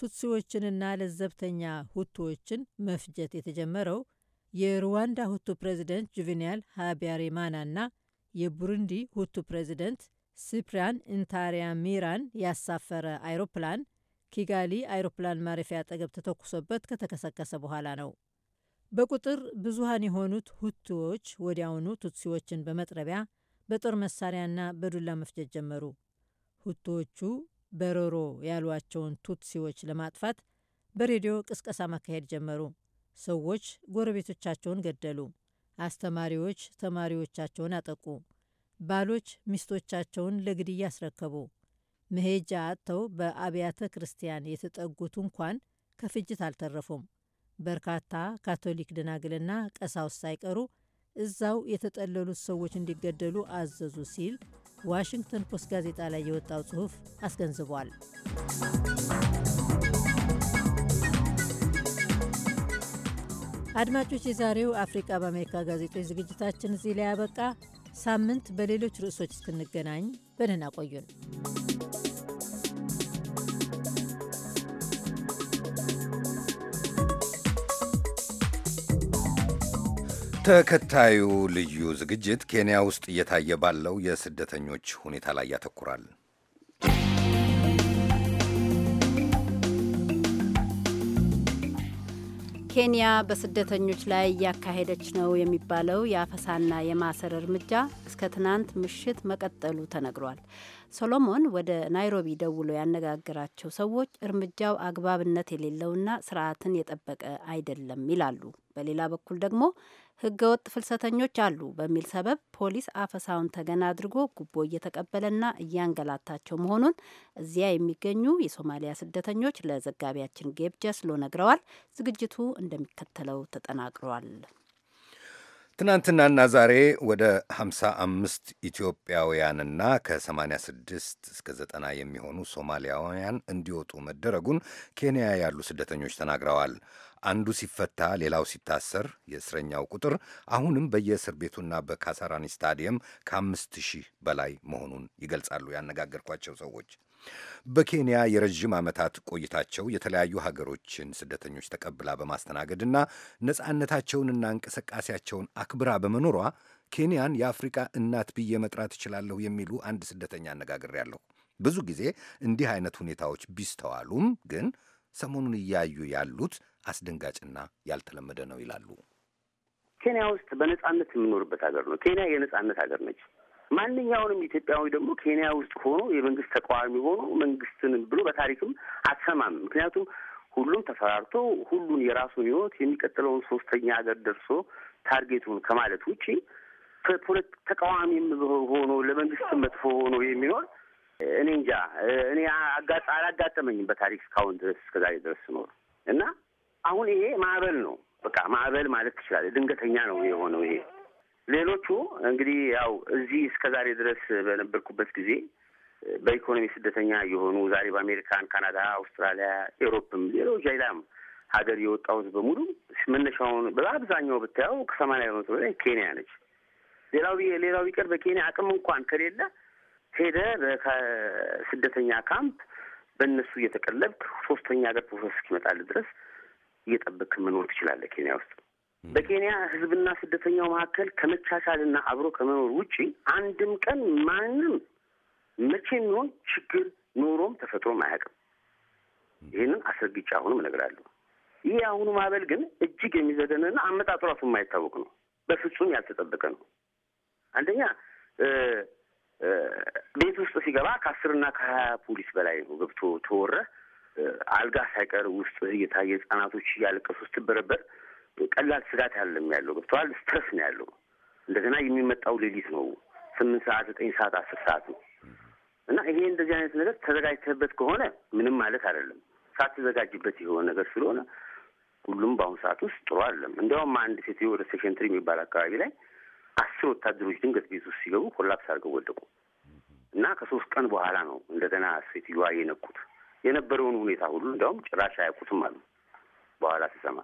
ቱትሲዎችንና ለዘብተኛ ሁቱዎችን መፍጀት የተጀመረው የሩዋንዳ ሁቱ ፕሬዚደንት ጁቬንያል ሀቢያሪማናና የቡሩንዲ ሁቱ ፕሬዚደንት ሲፕሪያን ሚራን ያሳፈረ አይሮፕላን ኪጋሊ አይሮፕላን ማረፊያ አጠገብ ተተኩሶበት ከተከሰከሰ በኋላ ነው። በቁጥር ብዙሃን የሆኑት ሁቱዎች ወዲያውኑ ቱትሲዎችን በመጥረቢያ በጦር መሳሪያና በዱላ መፍጀት ጀመሩ። ሁቶዎቹ በረሮ ያሏቸውን ቱትሲዎች ለማጥፋት በሬዲዮ ቅስቀሳ ማካሄድ ጀመሩ። ሰዎች ጎረቤቶቻቸውን ገደሉ። አስተማሪዎች ተማሪዎቻቸውን አጠቁ። ባሎች ሚስቶቻቸውን ለግድያ አስረከቡ። መሄጃ አጥተው በአብያተ ክርስቲያን የተጠጉት እንኳን ከፍጅት አልተረፉም። በርካታ ካቶሊክ ደናግልና ቀሳውስ ሳይቀሩ እዛው የተጠለሉት ሰዎች እንዲገደሉ አዘዙ ሲል ዋሽንግተን ፖስት ጋዜጣ ላይ የወጣው ጽሑፍ አስገንዝቧል። አድማጮች፣ የዛሬው አፍሪቃ በአሜሪካ ጋዜጦች ዝግጅታችን እዚህ ላይ ያበቃ። ሳምንት በሌሎች ርዕሶች እስክንገናኝ በደህና ቆዩን። ተከታዩ ልዩ ዝግጅት ኬንያ ውስጥ እየታየ ባለው የስደተኞች ሁኔታ ላይ ያተኩራል። ኬንያ በስደተኞች ላይ እያካሄደች ነው የሚባለው የአፈሳና የማሰር እርምጃ እስከ ትናንት ምሽት መቀጠሉ ተነግሯል። ሶሎሞን ወደ ናይሮቢ ደውሎ ያነጋገራቸው ሰዎች እርምጃው አግባብነት የሌለውና ስርዓትን የጠበቀ አይደለም ይላሉ። በሌላ በኩል ደግሞ ህገወጥ ፍልሰተኞች አሉ በሚል ሰበብ ፖሊስ አፈሳውን ተገና አድርጎ ጉቦ እየተቀበለና እያንገላታቸው መሆኑን እዚያ የሚገኙ የሶማሊያ ስደተኞች ለዘጋቢያችን ጌብ ጀስሎ ነግረዋል። ዝግጅቱ እንደሚከተለው ተጠናቅሯል። ትናንትናና ዛሬ ወደ 55 ኢትዮጵያውያንና ከ86 እስከ 90 የሚሆኑ ሶማሊያውያን እንዲወጡ መደረጉን ኬንያ ያሉ ስደተኞች ተናግረዋል። አንዱ ሲፈታ ሌላው ሲታሰር የእስረኛው ቁጥር አሁንም በየእስር ቤቱና በካሳራኒ ስታዲየም ከአምስት ሺህ በላይ መሆኑን ይገልጻሉ ያነጋገርኳቸው ሰዎች። በኬንያ የረዥም ዓመታት ቆይታቸው የተለያዩ ሀገሮችን ስደተኞች ተቀብላ በማስተናገድና ነጻነታቸውንና እንቅስቃሴያቸውን አክብራ በመኖሯ ኬንያን የአፍሪካ እናት ብዬ መጥራት እችላለሁ የሚሉ አንድ ስደተኛ አነጋግሬያለሁ። ብዙ ጊዜ እንዲህ አይነት ሁኔታዎች ቢስተዋሉም ግን ሰሞኑን እያዩ ያሉት አስደንጋጭና ያልተለመደ ነው ይላሉ። ኬንያ ውስጥ በነጻነት የምኖርበት ሀገር ነው። ኬንያ የነጻነት ሀገር ነች። ማንኛውንም ኢትዮጵያዊ ደግሞ ኬንያ ውስጥ ሆኖ የመንግስት ተቃዋሚ ሆኖ መንግስትን ብሎ በታሪክም አትሰማም። ምክንያቱም ሁሉም ተፈራርቶ ሁሉን የራሱን ህይወት የሚቀጥለውን ሶስተኛ ሀገር ደርሶ ታርጌቱን ከማለት ውጪ ተቃዋሚም ሆኖ ለመንግስት መጥፎ ሆኖ የሚኖር እኔ እንጃ እኔ አጋጣ አላጋጠመኝም በታሪክ እስካሁን ድረስ እስከዛሬ ድረስ ስኖር እና አሁን ይሄ ማዕበል ነው። በቃ ማዕበል ማለት ትችላለህ። ድንገተኛ ነው የሆነው ይሄ። ሌሎቹ እንግዲህ ያው እዚህ እስከ ዛሬ ድረስ በነበርኩበት ጊዜ በኢኮኖሚ ስደተኛ የሆኑ ዛሬ በአሜሪካን፣ ካናዳ፣ አውስትራሊያ፣ ኤሮፕም ሌሎች ሌላም ሀገር የወጣውት በሙሉ መነሻውን በአብዛኛው ብታየው ከሰማንያ በመቶ በላይ ኬንያ ነች። ሌላው ሌላው ቢቀር በኬንያ አቅም እንኳን ከሌለ ሄደ በስደተኛ ካምፕ በእነሱ እየተቀለብክ ሶስተኛ ሀገር ፕሮሰስ እስኪመጣል ድረስ እየጠበቅ መኖር ትችላለህ ኬንያ ውስጥ። በኬንያ ህዝብና ስደተኛው መካከል ከመቻቻልና አብሮ ከመኖር ውጪ አንድም ቀን ማንም መቼ የሚሆን ችግር ኖሮም ተፈጥሮም አያውቅም። ይህንን አስረግጬ አሁንም እነግራለሁ። ይህ አሁኑ ማዕበል ግን እጅግ የሚዘገንና አመጣጡ ራሱ የማይታወቅ ነው። በፍጹም ያልተጠበቀ ነው። አንደኛ ቤት ውስጥ ሲገባ ከአስርና ከሀያ ፖሊስ በላይ ነው ገብቶ ተወረህ አልጋ ሳይቀር ውስጥ እየታየ ህጻናቶች እያለቀሱ ስትበረበር ቀላል ስጋት ያለም ያለው ገብተዋል። ስትረስ ነው ያለው። እንደገና የሚመጣው ሌሊት ነው ስምንት ሰዓት ዘጠኝ ሰዓት አስር ሰዓት ነው እና ይሄ እንደዚህ አይነት ነገር ተዘጋጅተህበት ከሆነ ምንም ማለት አይደለም። ሳትዘጋጅበት የሆነ ነገር ስለሆነ ሁሉም በአሁኑ ሰዓት ውስጥ ጥሩ አይደለም። እንዲያውም አንድ ሴትዮ ወደ ሴሽን ትሪ የሚባል አካባቢ ላይ አስር ወታደሮች ድንገት ቤት ውስጥ ሲገቡ ኮላፕስ አድርገው ወደቁ እና ከሶስት ቀን በኋላ ነው እንደገና ሴትዮዋ የነቁት። የነበረውን ሁኔታ ሁሉ እንዲያውም ጭራሽ አያውቁትም አሉ። በኋላ ስሰማ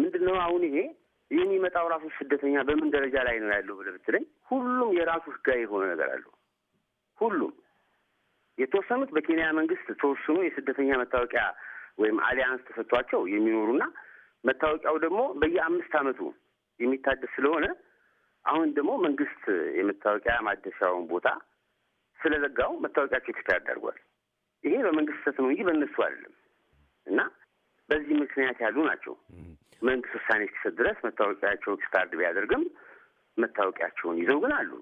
ምንድን ነው አሁን ይሄ የሚመጣው ራሱ ስደተኛ በምን ደረጃ ላይ ነው ያለው ብለህ ብትለኝ ሁሉም የራሱ ሕጋዊ የሆነ ነገር አለው። ሁሉም የተወሰኑት በኬንያ መንግስት ተወስኖ የስደተኛ መታወቂያ ወይም አሊያንስ ተሰጥቷቸው የሚኖሩና መታወቂያው ደግሞ በየአምስት አመቱ የሚታደስ ስለሆነ አሁን ደግሞ መንግስት የመታወቂያ ማደሻውን ቦታ ስለዘጋው መታወቂያቸው ኤክስፓየርድ አድርጓል። ይሄ በመንግስት ስህተት ነው እንጂ በእነሱ አይደለም እና በዚህ ምክንያት ያሉ ናቸው። መንግስት ውሳኔ እስኪሰጥ ድረስ መታወቂያቸው ኤክስታርድ ቢያደርግም መታወቂያቸውን ይዘው ግን አሉ።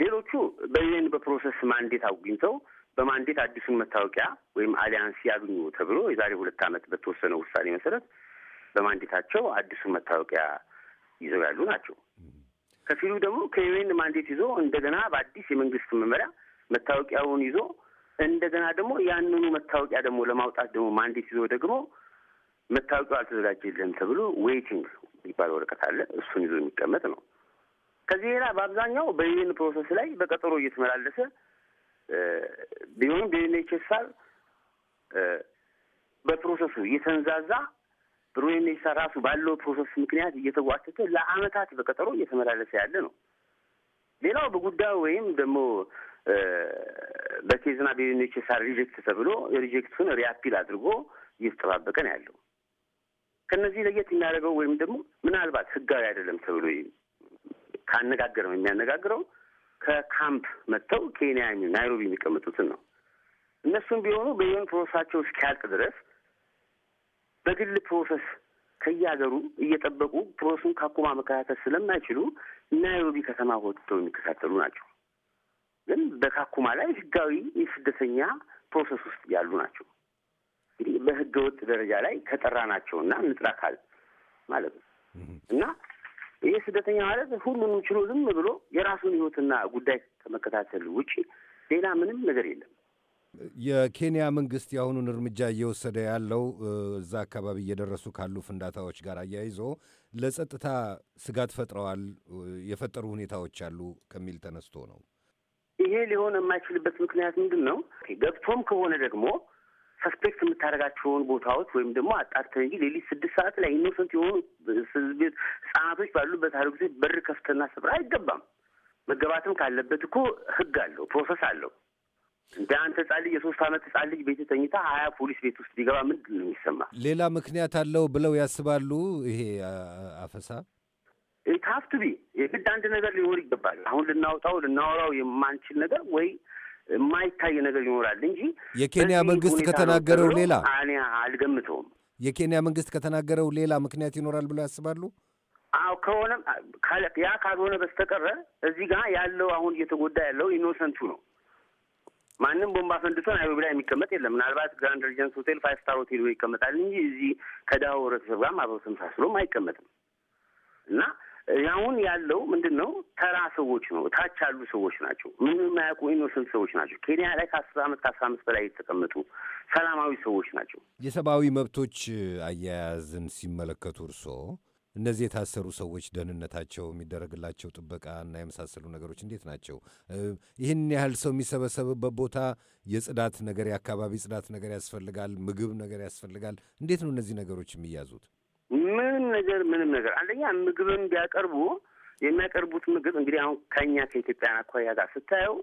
ሌሎቹ በዩኤን በፕሮሰስ ማንዴት አግኝተው በማንዴት አዲሱን መታወቂያ ወይም አሊያንስ ያግኙ ተብሎ የዛሬ ሁለት ዓመት በተወሰነ ውሳኔ መሰረት በማንዴታቸው አዲሱን መታወቂያ ይዘው ያሉ ናቸው። ከፊሉ ደግሞ ከዩኤን ማንዴት ይዞ እንደገና በአዲስ የመንግስት መመሪያ መታወቂያውን ይዞ እንደገና ደግሞ ያንኑ መታወቂያ ደግሞ ለማውጣት ደግሞ ማንዴት ይዞ ደግሞ መታወቂያው አልተዘጋጀልህም ተብሎ ዌይቲንግ የሚባል ወረቀት አለ። እሱን ይዞ የሚቀመጥ ነው። ከዚህ ሌላ በአብዛኛው በዩኤን ፕሮሰስ ላይ በቀጠሮ እየተመላለሰ ቢሆንም በዩኤንኤችሲአር በፕሮሰሱ እየተንዛዛ ዩኤንኤችሲአር ራሱ ባለው ፕሮሰስ ምክንያት እየተጓተተ ለአመታት በቀጠሮ እየተመላለሰ ያለ ነው። ሌላው በጉዳዩ ወይም ደግሞ በኬዝና በዩኤንኤችሲአር ሪጀክት ተብሎ የሪጀክቱን ሪያፒል አድርጎ እየተጠባበቀ ነው ያለው። ከነዚህ ለየት የሚያደርገው ወይም ደግሞ ምናልባት ህጋዊ አይደለም ተብሎ ካነጋገር ነው የሚያነጋግረው ከካምፕ መጥተው ኬንያ ናይሮቢ የሚቀመጡትን ነው። እነሱም ቢሆኑ በየን ፕሮሰሳቸው እስኪያልቅ ድረስ በግል ፕሮሰስ ከየሀገሩ እየጠበቁ ፕሮሰሱን ካኩማ መከታተል ስለማይችሉ ናይሮቢ ከተማ ወጥተው የሚከታተሉ ናቸው። ግን በካኩማ ላይ ህጋዊ የስደተኛ ፕሮሰስ ውስጥ ያሉ ናቸው። እንግዲህ በህገ ወጥ ደረጃ ላይ ከጠራ ናቸው እና ንጥር አካል ማለት ነው እና ይህ ስደተኛ ማለት ሁሉንም ችሎ ዝም ብሎ የራሱን ህይወትና ጉዳይ ከመከታተል ውጪ ሌላ ምንም ነገር የለም። የኬንያ መንግስት የአሁኑን እርምጃ እየወሰደ ያለው እዛ አካባቢ እየደረሱ ካሉ ፍንዳታዎች ጋር አያይዞ ለጸጥታ ስጋት ፈጥረዋል የፈጠሩ ሁኔታዎች አሉ ከሚል ተነስቶ ነው። ይሄ ሊሆን የማይችልበት ምክንያት ምንድን ነው? ገብቶም ከሆነ ደግሞ ሰስፔክት የምታደርጋቸውን ቦታዎች ወይም ደግሞ አጣር እንጂ ሌሊት ስድስት ሰዓት ላይ ኢኖሰንት የሆኑ ህጻናቶች ባሉበት አሉ ጊዜ በር ከፍተና ስፍራ አይገባም። መገባትም ካለበት እኮ ህግ አለው፣ ፕሮሰስ አለው። እንደ አንተ ህጻን ልጅ የሶስት ዓመት ህጻን ልጅ ቤት ተኝታ ሀያ ፖሊስ ቤት ውስጥ ቢገባ ምንድን ነው የሚሰማ? ሌላ ምክንያት አለው ብለው ያስባሉ። ይሄ አፈሳ ሀፍትቢ የግድ አንድ ነገር ሊኖር ይገባል። አሁን ልናወጣው ልናወራው የማንችል ነገር ወይ የማይታይ ነገር ይኖራል እንጂ የኬንያ መንግስት ከተናገረው ሌላ እኔ አልገምተውም። የኬንያ መንግስት ከተናገረው ሌላ ምክንያት ይኖራል ብሎ ያስባሉ? አዎ ከሆነም ያ ካልሆነ በስተቀረ እዚህ ጋር ያለው አሁን እየተጎዳ ያለው ኢኖሰንቱ ነው። ማንም ቦምባ ፈንድቶ ናይሮቢ ላይ የሚቀመጥ የለም። ምናልባት ግራንድ ሬጀንስ ሆቴል ፋይቭ ስታር ሆቴል ይቀመጣል እንጂ እዚህ ከድሃው ህብረተሰብ ጋር አብሮ ተመሳስሎም አይቀመጥም እና አሁን ያለው ምንድን ነው? ተራ ሰዎች ነው፣ ታች ያሉ ሰዎች ናቸው፣ ምንም የማያውቁ ኢኖሰንት ሰዎች ናቸው። ኬንያ ላይ ከአስር ዓመት ከአስራ አምስት በላይ የተቀመጡ ሰላማዊ ሰዎች ናቸው። የሰብአዊ መብቶች አያያዝን ሲመለከቱ እርስዎ እነዚህ የታሰሩ ሰዎች ደህንነታቸው፣ የሚደረግላቸው ጥበቃ እና የመሳሰሉ ነገሮች እንዴት ናቸው? ይህን ያህል ሰው የሚሰበሰብበት ቦታ የጽዳት ነገር፣ የአካባቢ ጽዳት ነገር ያስፈልጋል፣ ምግብ ነገር ያስፈልጋል። እንዴት ነው እነዚህ ነገሮች የሚያዙት? ምንም ነገር ምንም ነገር አንደኛ ምግብን ቢያቀርቡ የሚያቀርቡት ምግብ እንግዲህ አሁን ከኛ ከኢትዮጵያን አኳያ ጋር ስታየው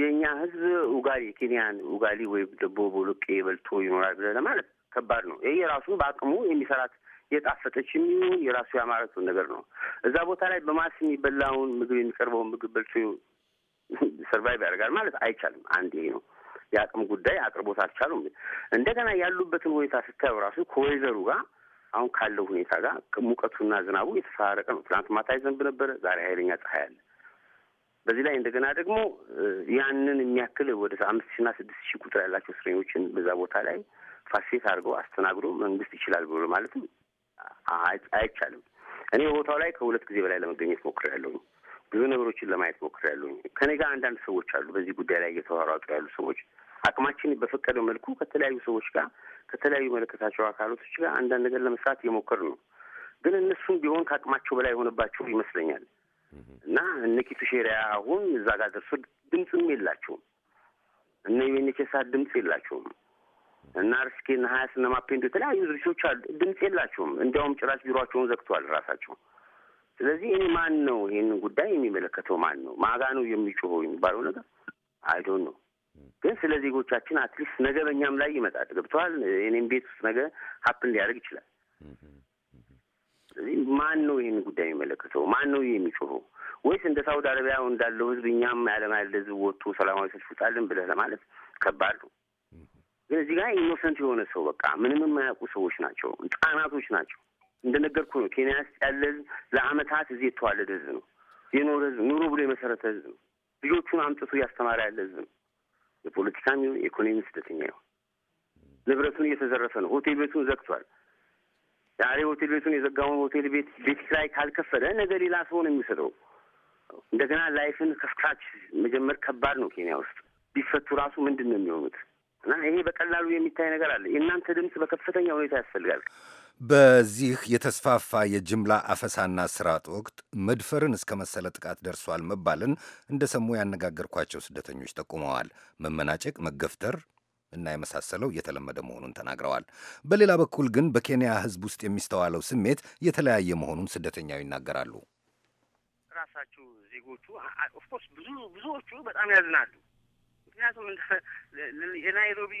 የእኛ ህዝብ ኡጋሊ ኬንያን ኡጋሊ ወይ ደቦ ቦሎቄ በልቶ ይኖራል ብለህ ለማለት ከባድ ነው። ይሄ የራሱን በአቅሙ የሚሰራት የጣፈጠች የሚሆን የራሱ ያማረቱን ነገር ነው። እዛ ቦታ ላይ በማስ የሚበላውን ምግብ የሚቀርበውን ምግብ በልቶ ሰርቫይቭ ያደርጋል ማለት አይቻልም። አንድ ይሄ ነው የአቅም ጉዳይ። አቅርቦት አልቻሉም። እንደገና ያሉበትን ሁኔታ ስታየው ራሱ ከወይዘሩ ጋር አሁን ካለው ሁኔታ ጋር ሙቀቱና ዝናቡ የተፈራረቀ ነው። ትናንት ማታ ይዘንብ ነበረ፣ ዛሬ ኃይለኛ ፀሐይ አለ። በዚህ ላይ እንደገና ደግሞ ያንን የሚያክል ወደ አምስት ሺና ስድስት ሺህ ቁጥር ያላቸው እስረኞችን በዛ ቦታ ላይ ፋሲሊቴት አድርገው አስተናግዶ መንግስት ይችላል ብሎ ማለትም አይቻልም። እኔ በቦታው ላይ ከሁለት ጊዜ በላይ ለመገኘት ሞክሬያለሁኝ። ብዙ ነገሮችን ለማየት ሞክሬያለሁኝ። ከኔ ጋር አንዳንድ ሰዎች አሉ፣ በዚህ ጉዳይ ላይ እየተሯሯጡ ያሉ ሰዎች አቅማችን በፈቀደው መልኩ ከተለያዩ ሰዎች ጋር ከተለያዩ መለከታቸው አካሎቶች ጋር አንዳንድ ነገር ለመስራት እየሞከር ነው። ግን እነሱም ቢሆን ከአቅማቸው በላይ የሆነባቸው ይመስለኛል እና እነ ኪቱ ሼሪያ አሁን እዛ ጋር ደርሶ ድምፅም የላቸውም። እነ ዩኤንኤችኤስ ድምፅ የላቸውም። እና አርስኬ ና ሀያ እና ማፔንዶ የተለያዩ ድርጅቶች አሉ፣ ድምፅ የላቸውም። እንዲያውም ጭራሽ ቢሮቸውን ዘግተዋል ራሳቸው። ስለዚህ እኔ ማን ነው ይህንን ጉዳይ የሚመለከተው ማን ነው ማጋ ነው የሚጮኸው የሚባለው ነገር አይዶን ነው ግን ስለ ዜጎቻችን አትሊስት ነገ በእኛም ላይ ይመጣል። ገብተዋል። እኔም ቤት ውስጥ ነገ ሀፕን ሊያደርግ ይችላል። ስለዚህ ማን ነው ይህን ጉዳይ የሚመለከተው? ማን ነው ይህ የሚጮኸው? ወይስ እንደ ሳውዲ አረቢያ እንዳለው ህዝብ እኛም ያለም ያለ ህዝብ ወጥቶ ሰላማዊ ሰልፍ ውጣልን ብለህ ለማለት ከባድ ነው። ግን እዚህ ጋር ኢኖሰንት የሆነ ሰው በቃ ምንም የማያውቁ ሰዎች ናቸው፣ ህጻናቶች ናቸው። እንደነገርኩ ነው። ኬንያ ውስጥ ያለ ህዝብ ለአመታት እዚህ የተዋለደ ህዝብ ነው የኖረ ህዝብ ኑሮ ብሎ የመሰረተ ህዝብ ነው። ልጆቹን አምጥቶ እያስተማረ ያለ ህዝብ ነው። የፖለቲካም ይሁን የኢኮኖሚ ስደተኛ ይሁን ንብረቱን እየተዘረፈ ነው። ሆቴል ቤቱን ዘግቷል። ዛሬ ሆቴል ቤቱን የዘጋውን ሆቴል ቤት ቤት ኪራይ ካልከፈለ ነገ ሌላ ሰው ነው የሚሰጠው። እንደገና ላይፍን ከስክራች መጀመር ከባድ ነው። ኬንያ ውስጥ ቢፈቱ ራሱ ምንድን ነው የሚሆኑት? እና ይሄ በቀላሉ የሚታይ ነገር አለ። የእናንተ ድምፅ በከፍተኛ ሁኔታ ያስፈልጋል። በዚህ የተስፋፋ የጅምላ አፈሳና ስርዓት ወቅት መድፈርን እስከ መሰለ ጥቃት ደርሷል መባልን ሰሙ ያነጋገርኳቸው ስደተኞች ጠቁመዋል። መመናጨቅ፣ መገፍተር እና የመሳሰለው የተለመደ መሆኑን ተናግረዋል። በሌላ በኩል ግን በኬንያ ሕዝብ ውስጥ የሚስተዋለው ስሜት የተለያየ መሆኑን ስደተኛው ይናገራሉ። ራሳችሁ ዜጎቹ ኦፍኮርስ ብዙ ብዙዎቹ በጣም ያዝናሉ። ምክንያቱም የናይሮቢ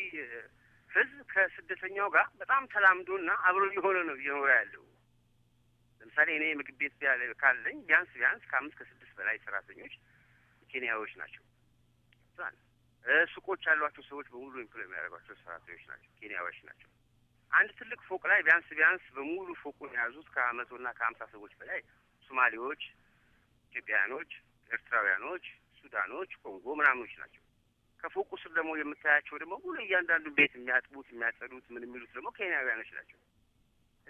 ህዝብ ከስደተኛው ጋር በጣም ተላምዶና አብሮ የሆነ ነው እየኖረ ያለው። ለምሳሌ እኔ ምግብ ቤት ካለኝ ቢያንስ ቢያንስ ከአምስት ከስድስት በላይ ሰራተኞች ኬንያዎች ናቸው። ሱቆች ያሏቸው ሰዎች በሙሉ ኢምፕሎ የሚያደርጓቸው ሰራተኞች ናቸው፣ ኬንያዎች ናቸው። አንድ ትልቅ ፎቅ ላይ ቢያንስ ቢያንስ በሙሉ ፎቁን የያዙት ከመቶና ከአምሳ ሰዎች በላይ ሶማሌዎች፣ ኢትዮጵያውያኖች፣ ኤርትራውያኖች፣ ሱዳኖች፣ ኮንጎ ምናምኖች ናቸው። ከፎቁ ስር ደግሞ የምታያቸው ደግሞ ሙሉ እያንዳንዱ ቤት የሚያጥቡት የሚያጸዱት ምን የሚሉት ደግሞ ኬንያውያኖች ናቸው።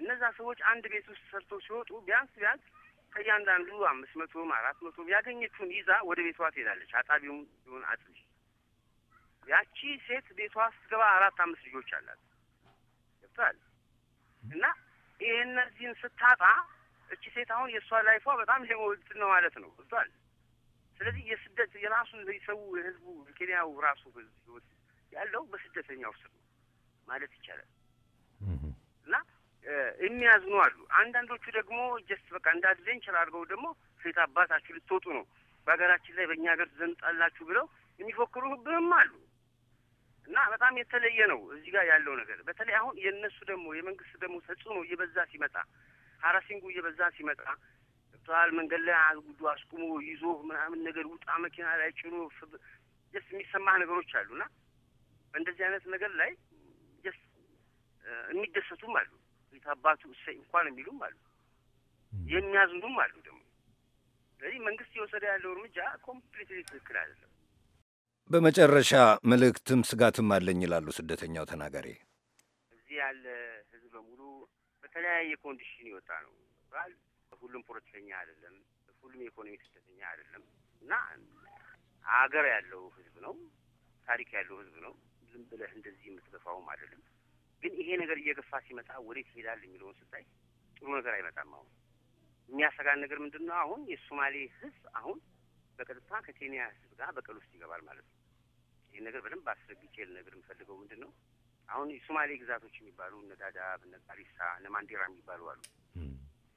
እነዛ ሰዎች አንድ ቤት ውስጥ ሰርቶ ሲወጡ ቢያንስ ቢያንስ ከእያንዳንዱ አምስት መቶም አራት መቶም ያገኘችውን ይዛ ወደ ቤቷ ትሄዳለች። አጣቢውም ሲሆን አጥቢ ያቺ ሴት ቤቷ ስትገባ አራት አምስት ልጆች አላት ገብቷል። እና ይህ እነዚህን ስታጣ እቺ ሴት አሁን የእሷ ላይፏ በጣም ሄሞልት ነው ማለት ነው ገብቷል። ስለዚህ የስደት የራሱን ሰው ህዝቡ ኬንያው ራሱ ህዝብ ያለው በስደተኛው ስር ነው ማለት ይቻላል እና የሚያዝኑ አሉ። አንዳንዶቹ ደግሞ ጀስት በቃ እንደ አድቬንቸር አድርገው ደግሞ ሴት አባታችሁ ልትወጡ ነው በሀገራችን ላይ በእኛ ሀገር ዘንጣላችሁ ብለው የሚፎክሩ ህብህም አሉ እና በጣም የተለየ ነው እዚህ ጋር ያለው ነገር። በተለይ አሁን የእነሱ ደግሞ የመንግስት ደግሞ ተጽዕኖ እየበዛ ሲመጣ ሀራሲንጉ እየበዛ ሲመጣ መጥተዋል። መንገድ ላይ አግዱ አስቁሞ ይዞ ምናምን ነገር ውጣ መኪና ላይ ጭኖ ደስ የሚሰማህ ነገሮች አሉና በእንደዚህ አይነት ነገር ላይ ደስ የሚደሰቱም አሉ። የታባቱ እሰይ እንኳን የሚሉም አሉ፣ የሚያዝኑም አሉ ደግሞ። ስለዚህ መንግስት የወሰደ ያለው እርምጃ ኮምፕሊትሊ ትክክል አይደለም። በመጨረሻ መልእክትም ስጋትም አለኝ ይላሉ ስደተኛው ተናጋሪ። እዚህ ያለ ህዝብ በሙሉ በተለያየ ኮንዲሽን ይወጣ ነው ሁሉም ፖለቲከኛ አይደለም፣ ሁሉም የኢኮኖሚ ስደተኛ አይደለም እና አገር ያለው ህዝብ ነው፣ ታሪክ ያለው ህዝብ ነው። ዝም ብለህ እንደዚህ የምትገፋውም አይደለም። ግን ይሄ ነገር እየገፋ ሲመጣ ወዴት ይሄዳል የሚለውን ስታይ ጥሩ ነገር አይመጣም። አሁን የሚያሰጋን ነገር ምንድን ነው? አሁን የሶማሌ ህዝብ አሁን በቀጥታ ከኬንያ ህዝብ ጋር በቀል ውስጥ ይገባል ማለት ነው። ይህ ነገር በደንብ አስረግጬ ልነግር የምፈልገው ምንድን ነው አሁን የሶማሌ ግዛቶች የሚባሉ እነ ዳዳብ፣ እነ ጋሪሳ፣ እነ ማንዴራ የሚባሉ አሉ።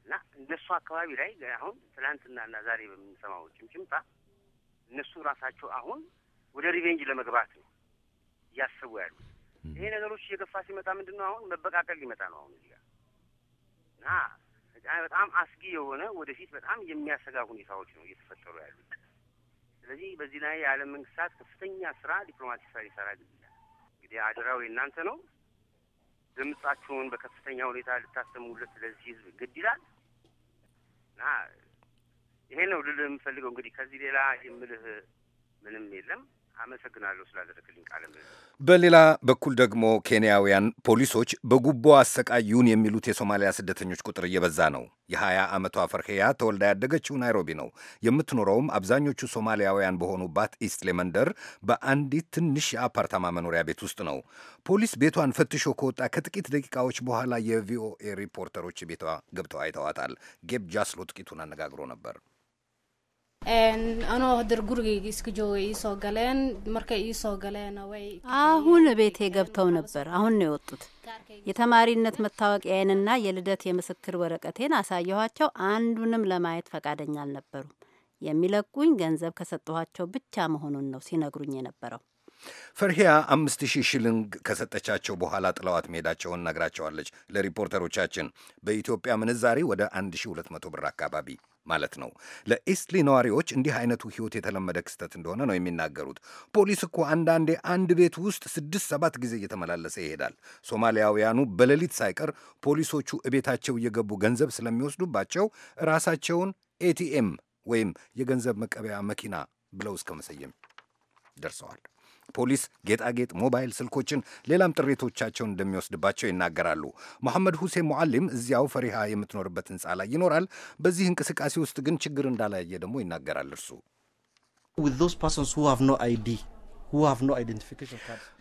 እና እነሱ አካባቢ ላይ አሁን ትላንትናና ዛሬ በምንሰማው ጭምጭምታ እነሱ ራሳቸው አሁን ወደ ሪቬንጅ ለመግባት ነው እያሰቡ ያሉት። ይሄ ነገሮች እየገፋ ሲመጣ ምንድን ነው አሁን መበቃቀል ሊመጣ ነው አሁን እዚህ ጋር እና በጣም አስጊ የሆነ ወደፊት በጣም የሚያሰጋ ሁኔታዎች ነው እየተፈጠሩ ያሉት። ስለዚህ በዚህ ላይ የዓለም መንግስታት ከፍተኛ ስራ ዲፕሎማሲ ስራ ሊሰራ ግድላል። እንግዲህ አደራው የእናንተ ነው። ድምጻችሁን በከፍተኛ ሁኔታ ልታሰሙለት ለዚህ ህዝብ ግድ ይላል። እና ነው ልልህ የምፈልገው። እንግዲህ ከዚህ ሌላ የምልህ ምንም የለም። አመሰግናለሁ ስላደረግልኝ ቃለ በሌላ በኩል ደግሞ ኬንያውያን ፖሊሶች በጉቦ አሰቃዩን የሚሉት የሶማሊያ ስደተኞች ቁጥር እየበዛ ነው። የሀያ ዓመቷ ፈርሄያ ተወልዳ ያደገችው ናይሮቢ ነው። የምትኖረውም አብዛኞቹ ሶማሊያውያን በሆኑባት ኢስት ሌመንደር በአንዲት ትንሽ የአፓርታማ መኖሪያ ቤት ውስጥ ነው። ፖሊስ ቤቷን ፈትሾ ከወጣ ከጥቂት ደቂቃዎች በኋላ የቪኦኤ ሪፖርተሮች ቤቷ ገብተው አይተዋታል። ጌብ ጃስሎ ጥቂቱን አነጋግሮ ነበር። ወይ አሁን ቤቴ ገብተው ነበር። አሁን ነው የወጡት። የተማሪነት መታወቂያዬንና የልደት የምስክር ወረቀቴን አሳየኋቸው። አንዱንም ለማየት ፈቃደኛ አልነበሩም። የሚለቁኝ ገንዘብ ከሰጠኋቸው ብቻ መሆኑን ነው ሲነግሩኝ የነበረው። ፈርሂያ አምስት ሺህ ሽልንግ ከሰጠቻቸው በኋላ ጥለዋት መሄዳቸውን ነግራቸዋለች ለሪፖርተሮቻችን በኢትዮጵያ ምንዛሬ ወደ መቶ ብር አካባቢ ማለት ነው። ለኢስትሊ ነዋሪዎች እንዲህ አይነቱ ህይወት የተለመደ ክስተት እንደሆነ ነው የሚናገሩት። ፖሊስ እኮ አንዳንዴ አንድ ቤት ውስጥ ስድስት ሰባት ጊዜ እየተመላለሰ ይሄዳል። ሶማሊያውያኑ በሌሊት ሳይቀር ፖሊሶቹ እቤታቸው እየገቡ ገንዘብ ስለሚወስዱባቸው ራሳቸውን ኤቲኤም ወይም የገንዘብ መቀበያ መኪና ብለው እስከ መሰየም ደርሰዋል። ፖሊስ ጌጣጌጥ፣ ሞባይል ስልኮችን፣ ሌላም ጥሪቶቻቸውን እንደሚወስድባቸው ይናገራሉ። መሐመድ ሁሴን ሙዓሊም እዚያው ፈሪሃ የምትኖርበት ህንፃ ላይ ይኖራል። በዚህ እንቅስቃሴ ውስጥ ግን ችግር እንዳላየ ደግሞ ይናገራል። እርሱ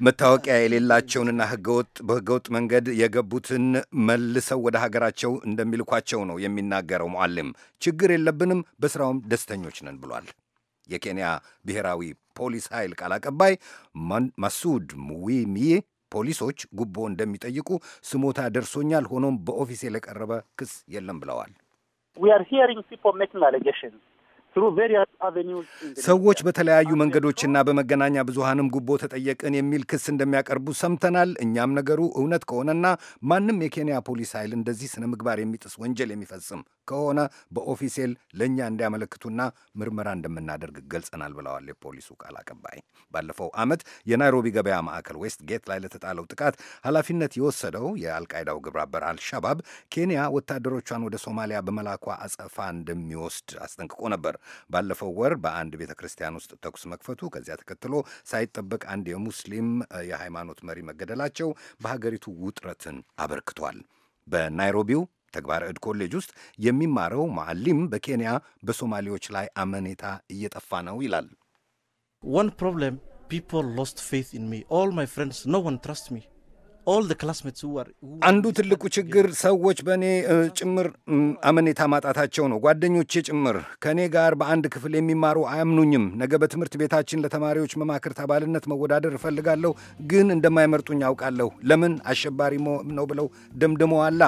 መታወቂያ የሌላቸውንና ህገወጥ በህገወጥ መንገድ የገቡትን መልሰው ወደ ሀገራቸው እንደሚልኳቸው ነው የሚናገረው። ሙዓሊም ችግር የለብንም፣ በስራውም ደስተኞች ነን ብሏል። የኬንያ ብሔራዊ ፖሊስ ኃይል ቃል አቀባይ ማሱድ ሙዊሚዬ ፖሊሶች ጉቦ እንደሚጠይቁ ስሞታ ደርሶኛል፣ ሆኖም በኦፊስ የቀረበ ክስ የለም ብለዋል። ሰዎች በተለያዩ መንገዶችና በመገናኛ ብዙሃንም ጉቦ ተጠየቅን የሚል ክስ እንደሚያቀርቡ ሰምተናል። እኛም ነገሩ እውነት ከሆነና ማንም የኬንያ ፖሊስ ኃይል እንደዚህ ስነ ምግባር የሚጥስ ወንጀል የሚፈጽም ከሆነ በኦፊሴል ለእኛ እንዲያመለክቱና ምርመራ እንደምናደርግ ገልጸናል ብለዋል የፖሊሱ ቃል አቀባይ። ባለፈው ዓመት የናይሮቢ ገበያ ማዕከል ዌስት ጌት ላይ ለተጣለው ጥቃት ኃላፊነት የወሰደው የአልቃይዳው ግብረ አልሻባብ ኬንያ ወታደሮቿን ወደ ሶማሊያ በመላኳ አጸፋ እንደሚወስድ አስጠንቅቆ ነበር። ባለፈው ወር በአንድ ቤተ ክርስቲያን ውስጥ ተኩስ መክፈቱ፣ ከዚያ ተከትሎ ሳይጠበቅ አንድ የሙስሊም የሃይማኖት መሪ መገደላቸው በሀገሪቱ ውጥረትን አበርክቷል። በናይሮቢው ተግባረ ዕድ ኮሌጅ ውስጥ የሚማረው ማዕሊም በኬንያ በሶማሌዎች ላይ አመኔታ እየጠፋ ነው ይላል። one problem people ሎስት faith ኢን ሚ all my friends no one trust አንዱ ትልቁ ችግር ሰዎች በእኔ ጭምር አመኔታ ማጣታቸው ነው። ጓደኞቼ ጭምር ከእኔ ጋር በአንድ ክፍል የሚማሩ አያምኑኝም። ነገ በትምህርት ቤታችን ለተማሪዎች መማክርት አባልነት መወዳደር እፈልጋለሁ፣ ግን እንደማይመርጡኝ አውቃለሁ። ለምን አሸባሪ ነው ብለው ደምድመዋላ።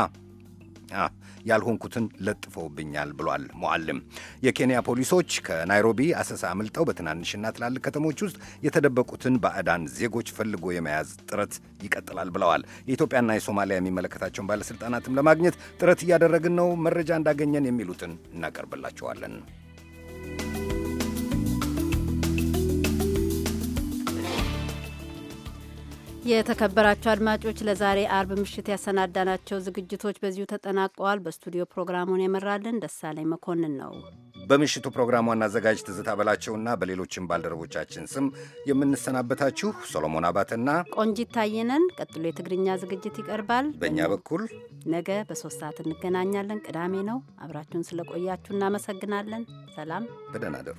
ያልሆንኩትን ለጥፈውብኛል ብሏል ሞዓልም። የኬንያ ፖሊሶች ከናይሮቢ አሰሳ አምልጠው በትናንሽና ትላልቅ ከተሞች ውስጥ የተደበቁትን ባዕዳን ዜጎች ፈልጎ የመያዝ ጥረት ይቀጥላል ብለዋል። የኢትዮጵያና የሶማሊያ የሚመለከታቸውን ባለሥልጣናትም ለማግኘት ጥረት እያደረግን ነው። መረጃ እንዳገኘን የሚሉትን እናቀርብላቸዋለን። የተከበራቸው አድማጮች ለዛሬ አርብ ምሽት ያሰናዳናቸው ዝግጅቶች በዚሁ ተጠናቀዋል። በስቱዲዮ ፕሮግራሙን የመራልን ደሳለኝ መኮንን ነው። በምሽቱ ፕሮግራም ዋና አዘጋጅ ትዝታ በላቸውና በሌሎችም ባልደረቦቻችን ስም የምንሰናበታችሁ ሶሎሞን አባትና ቆንጂት ታየነን። ቀጥሎ የትግርኛ ዝግጅት ይቀርባል። በእኛ በኩል ነገ በሶስት ሰዓት እንገናኛለን። ቅዳሜ ነው። አብራችሁን ስለቆያችሁ እናመሰግናለን። ሰላም፣ በደህና ደሩ።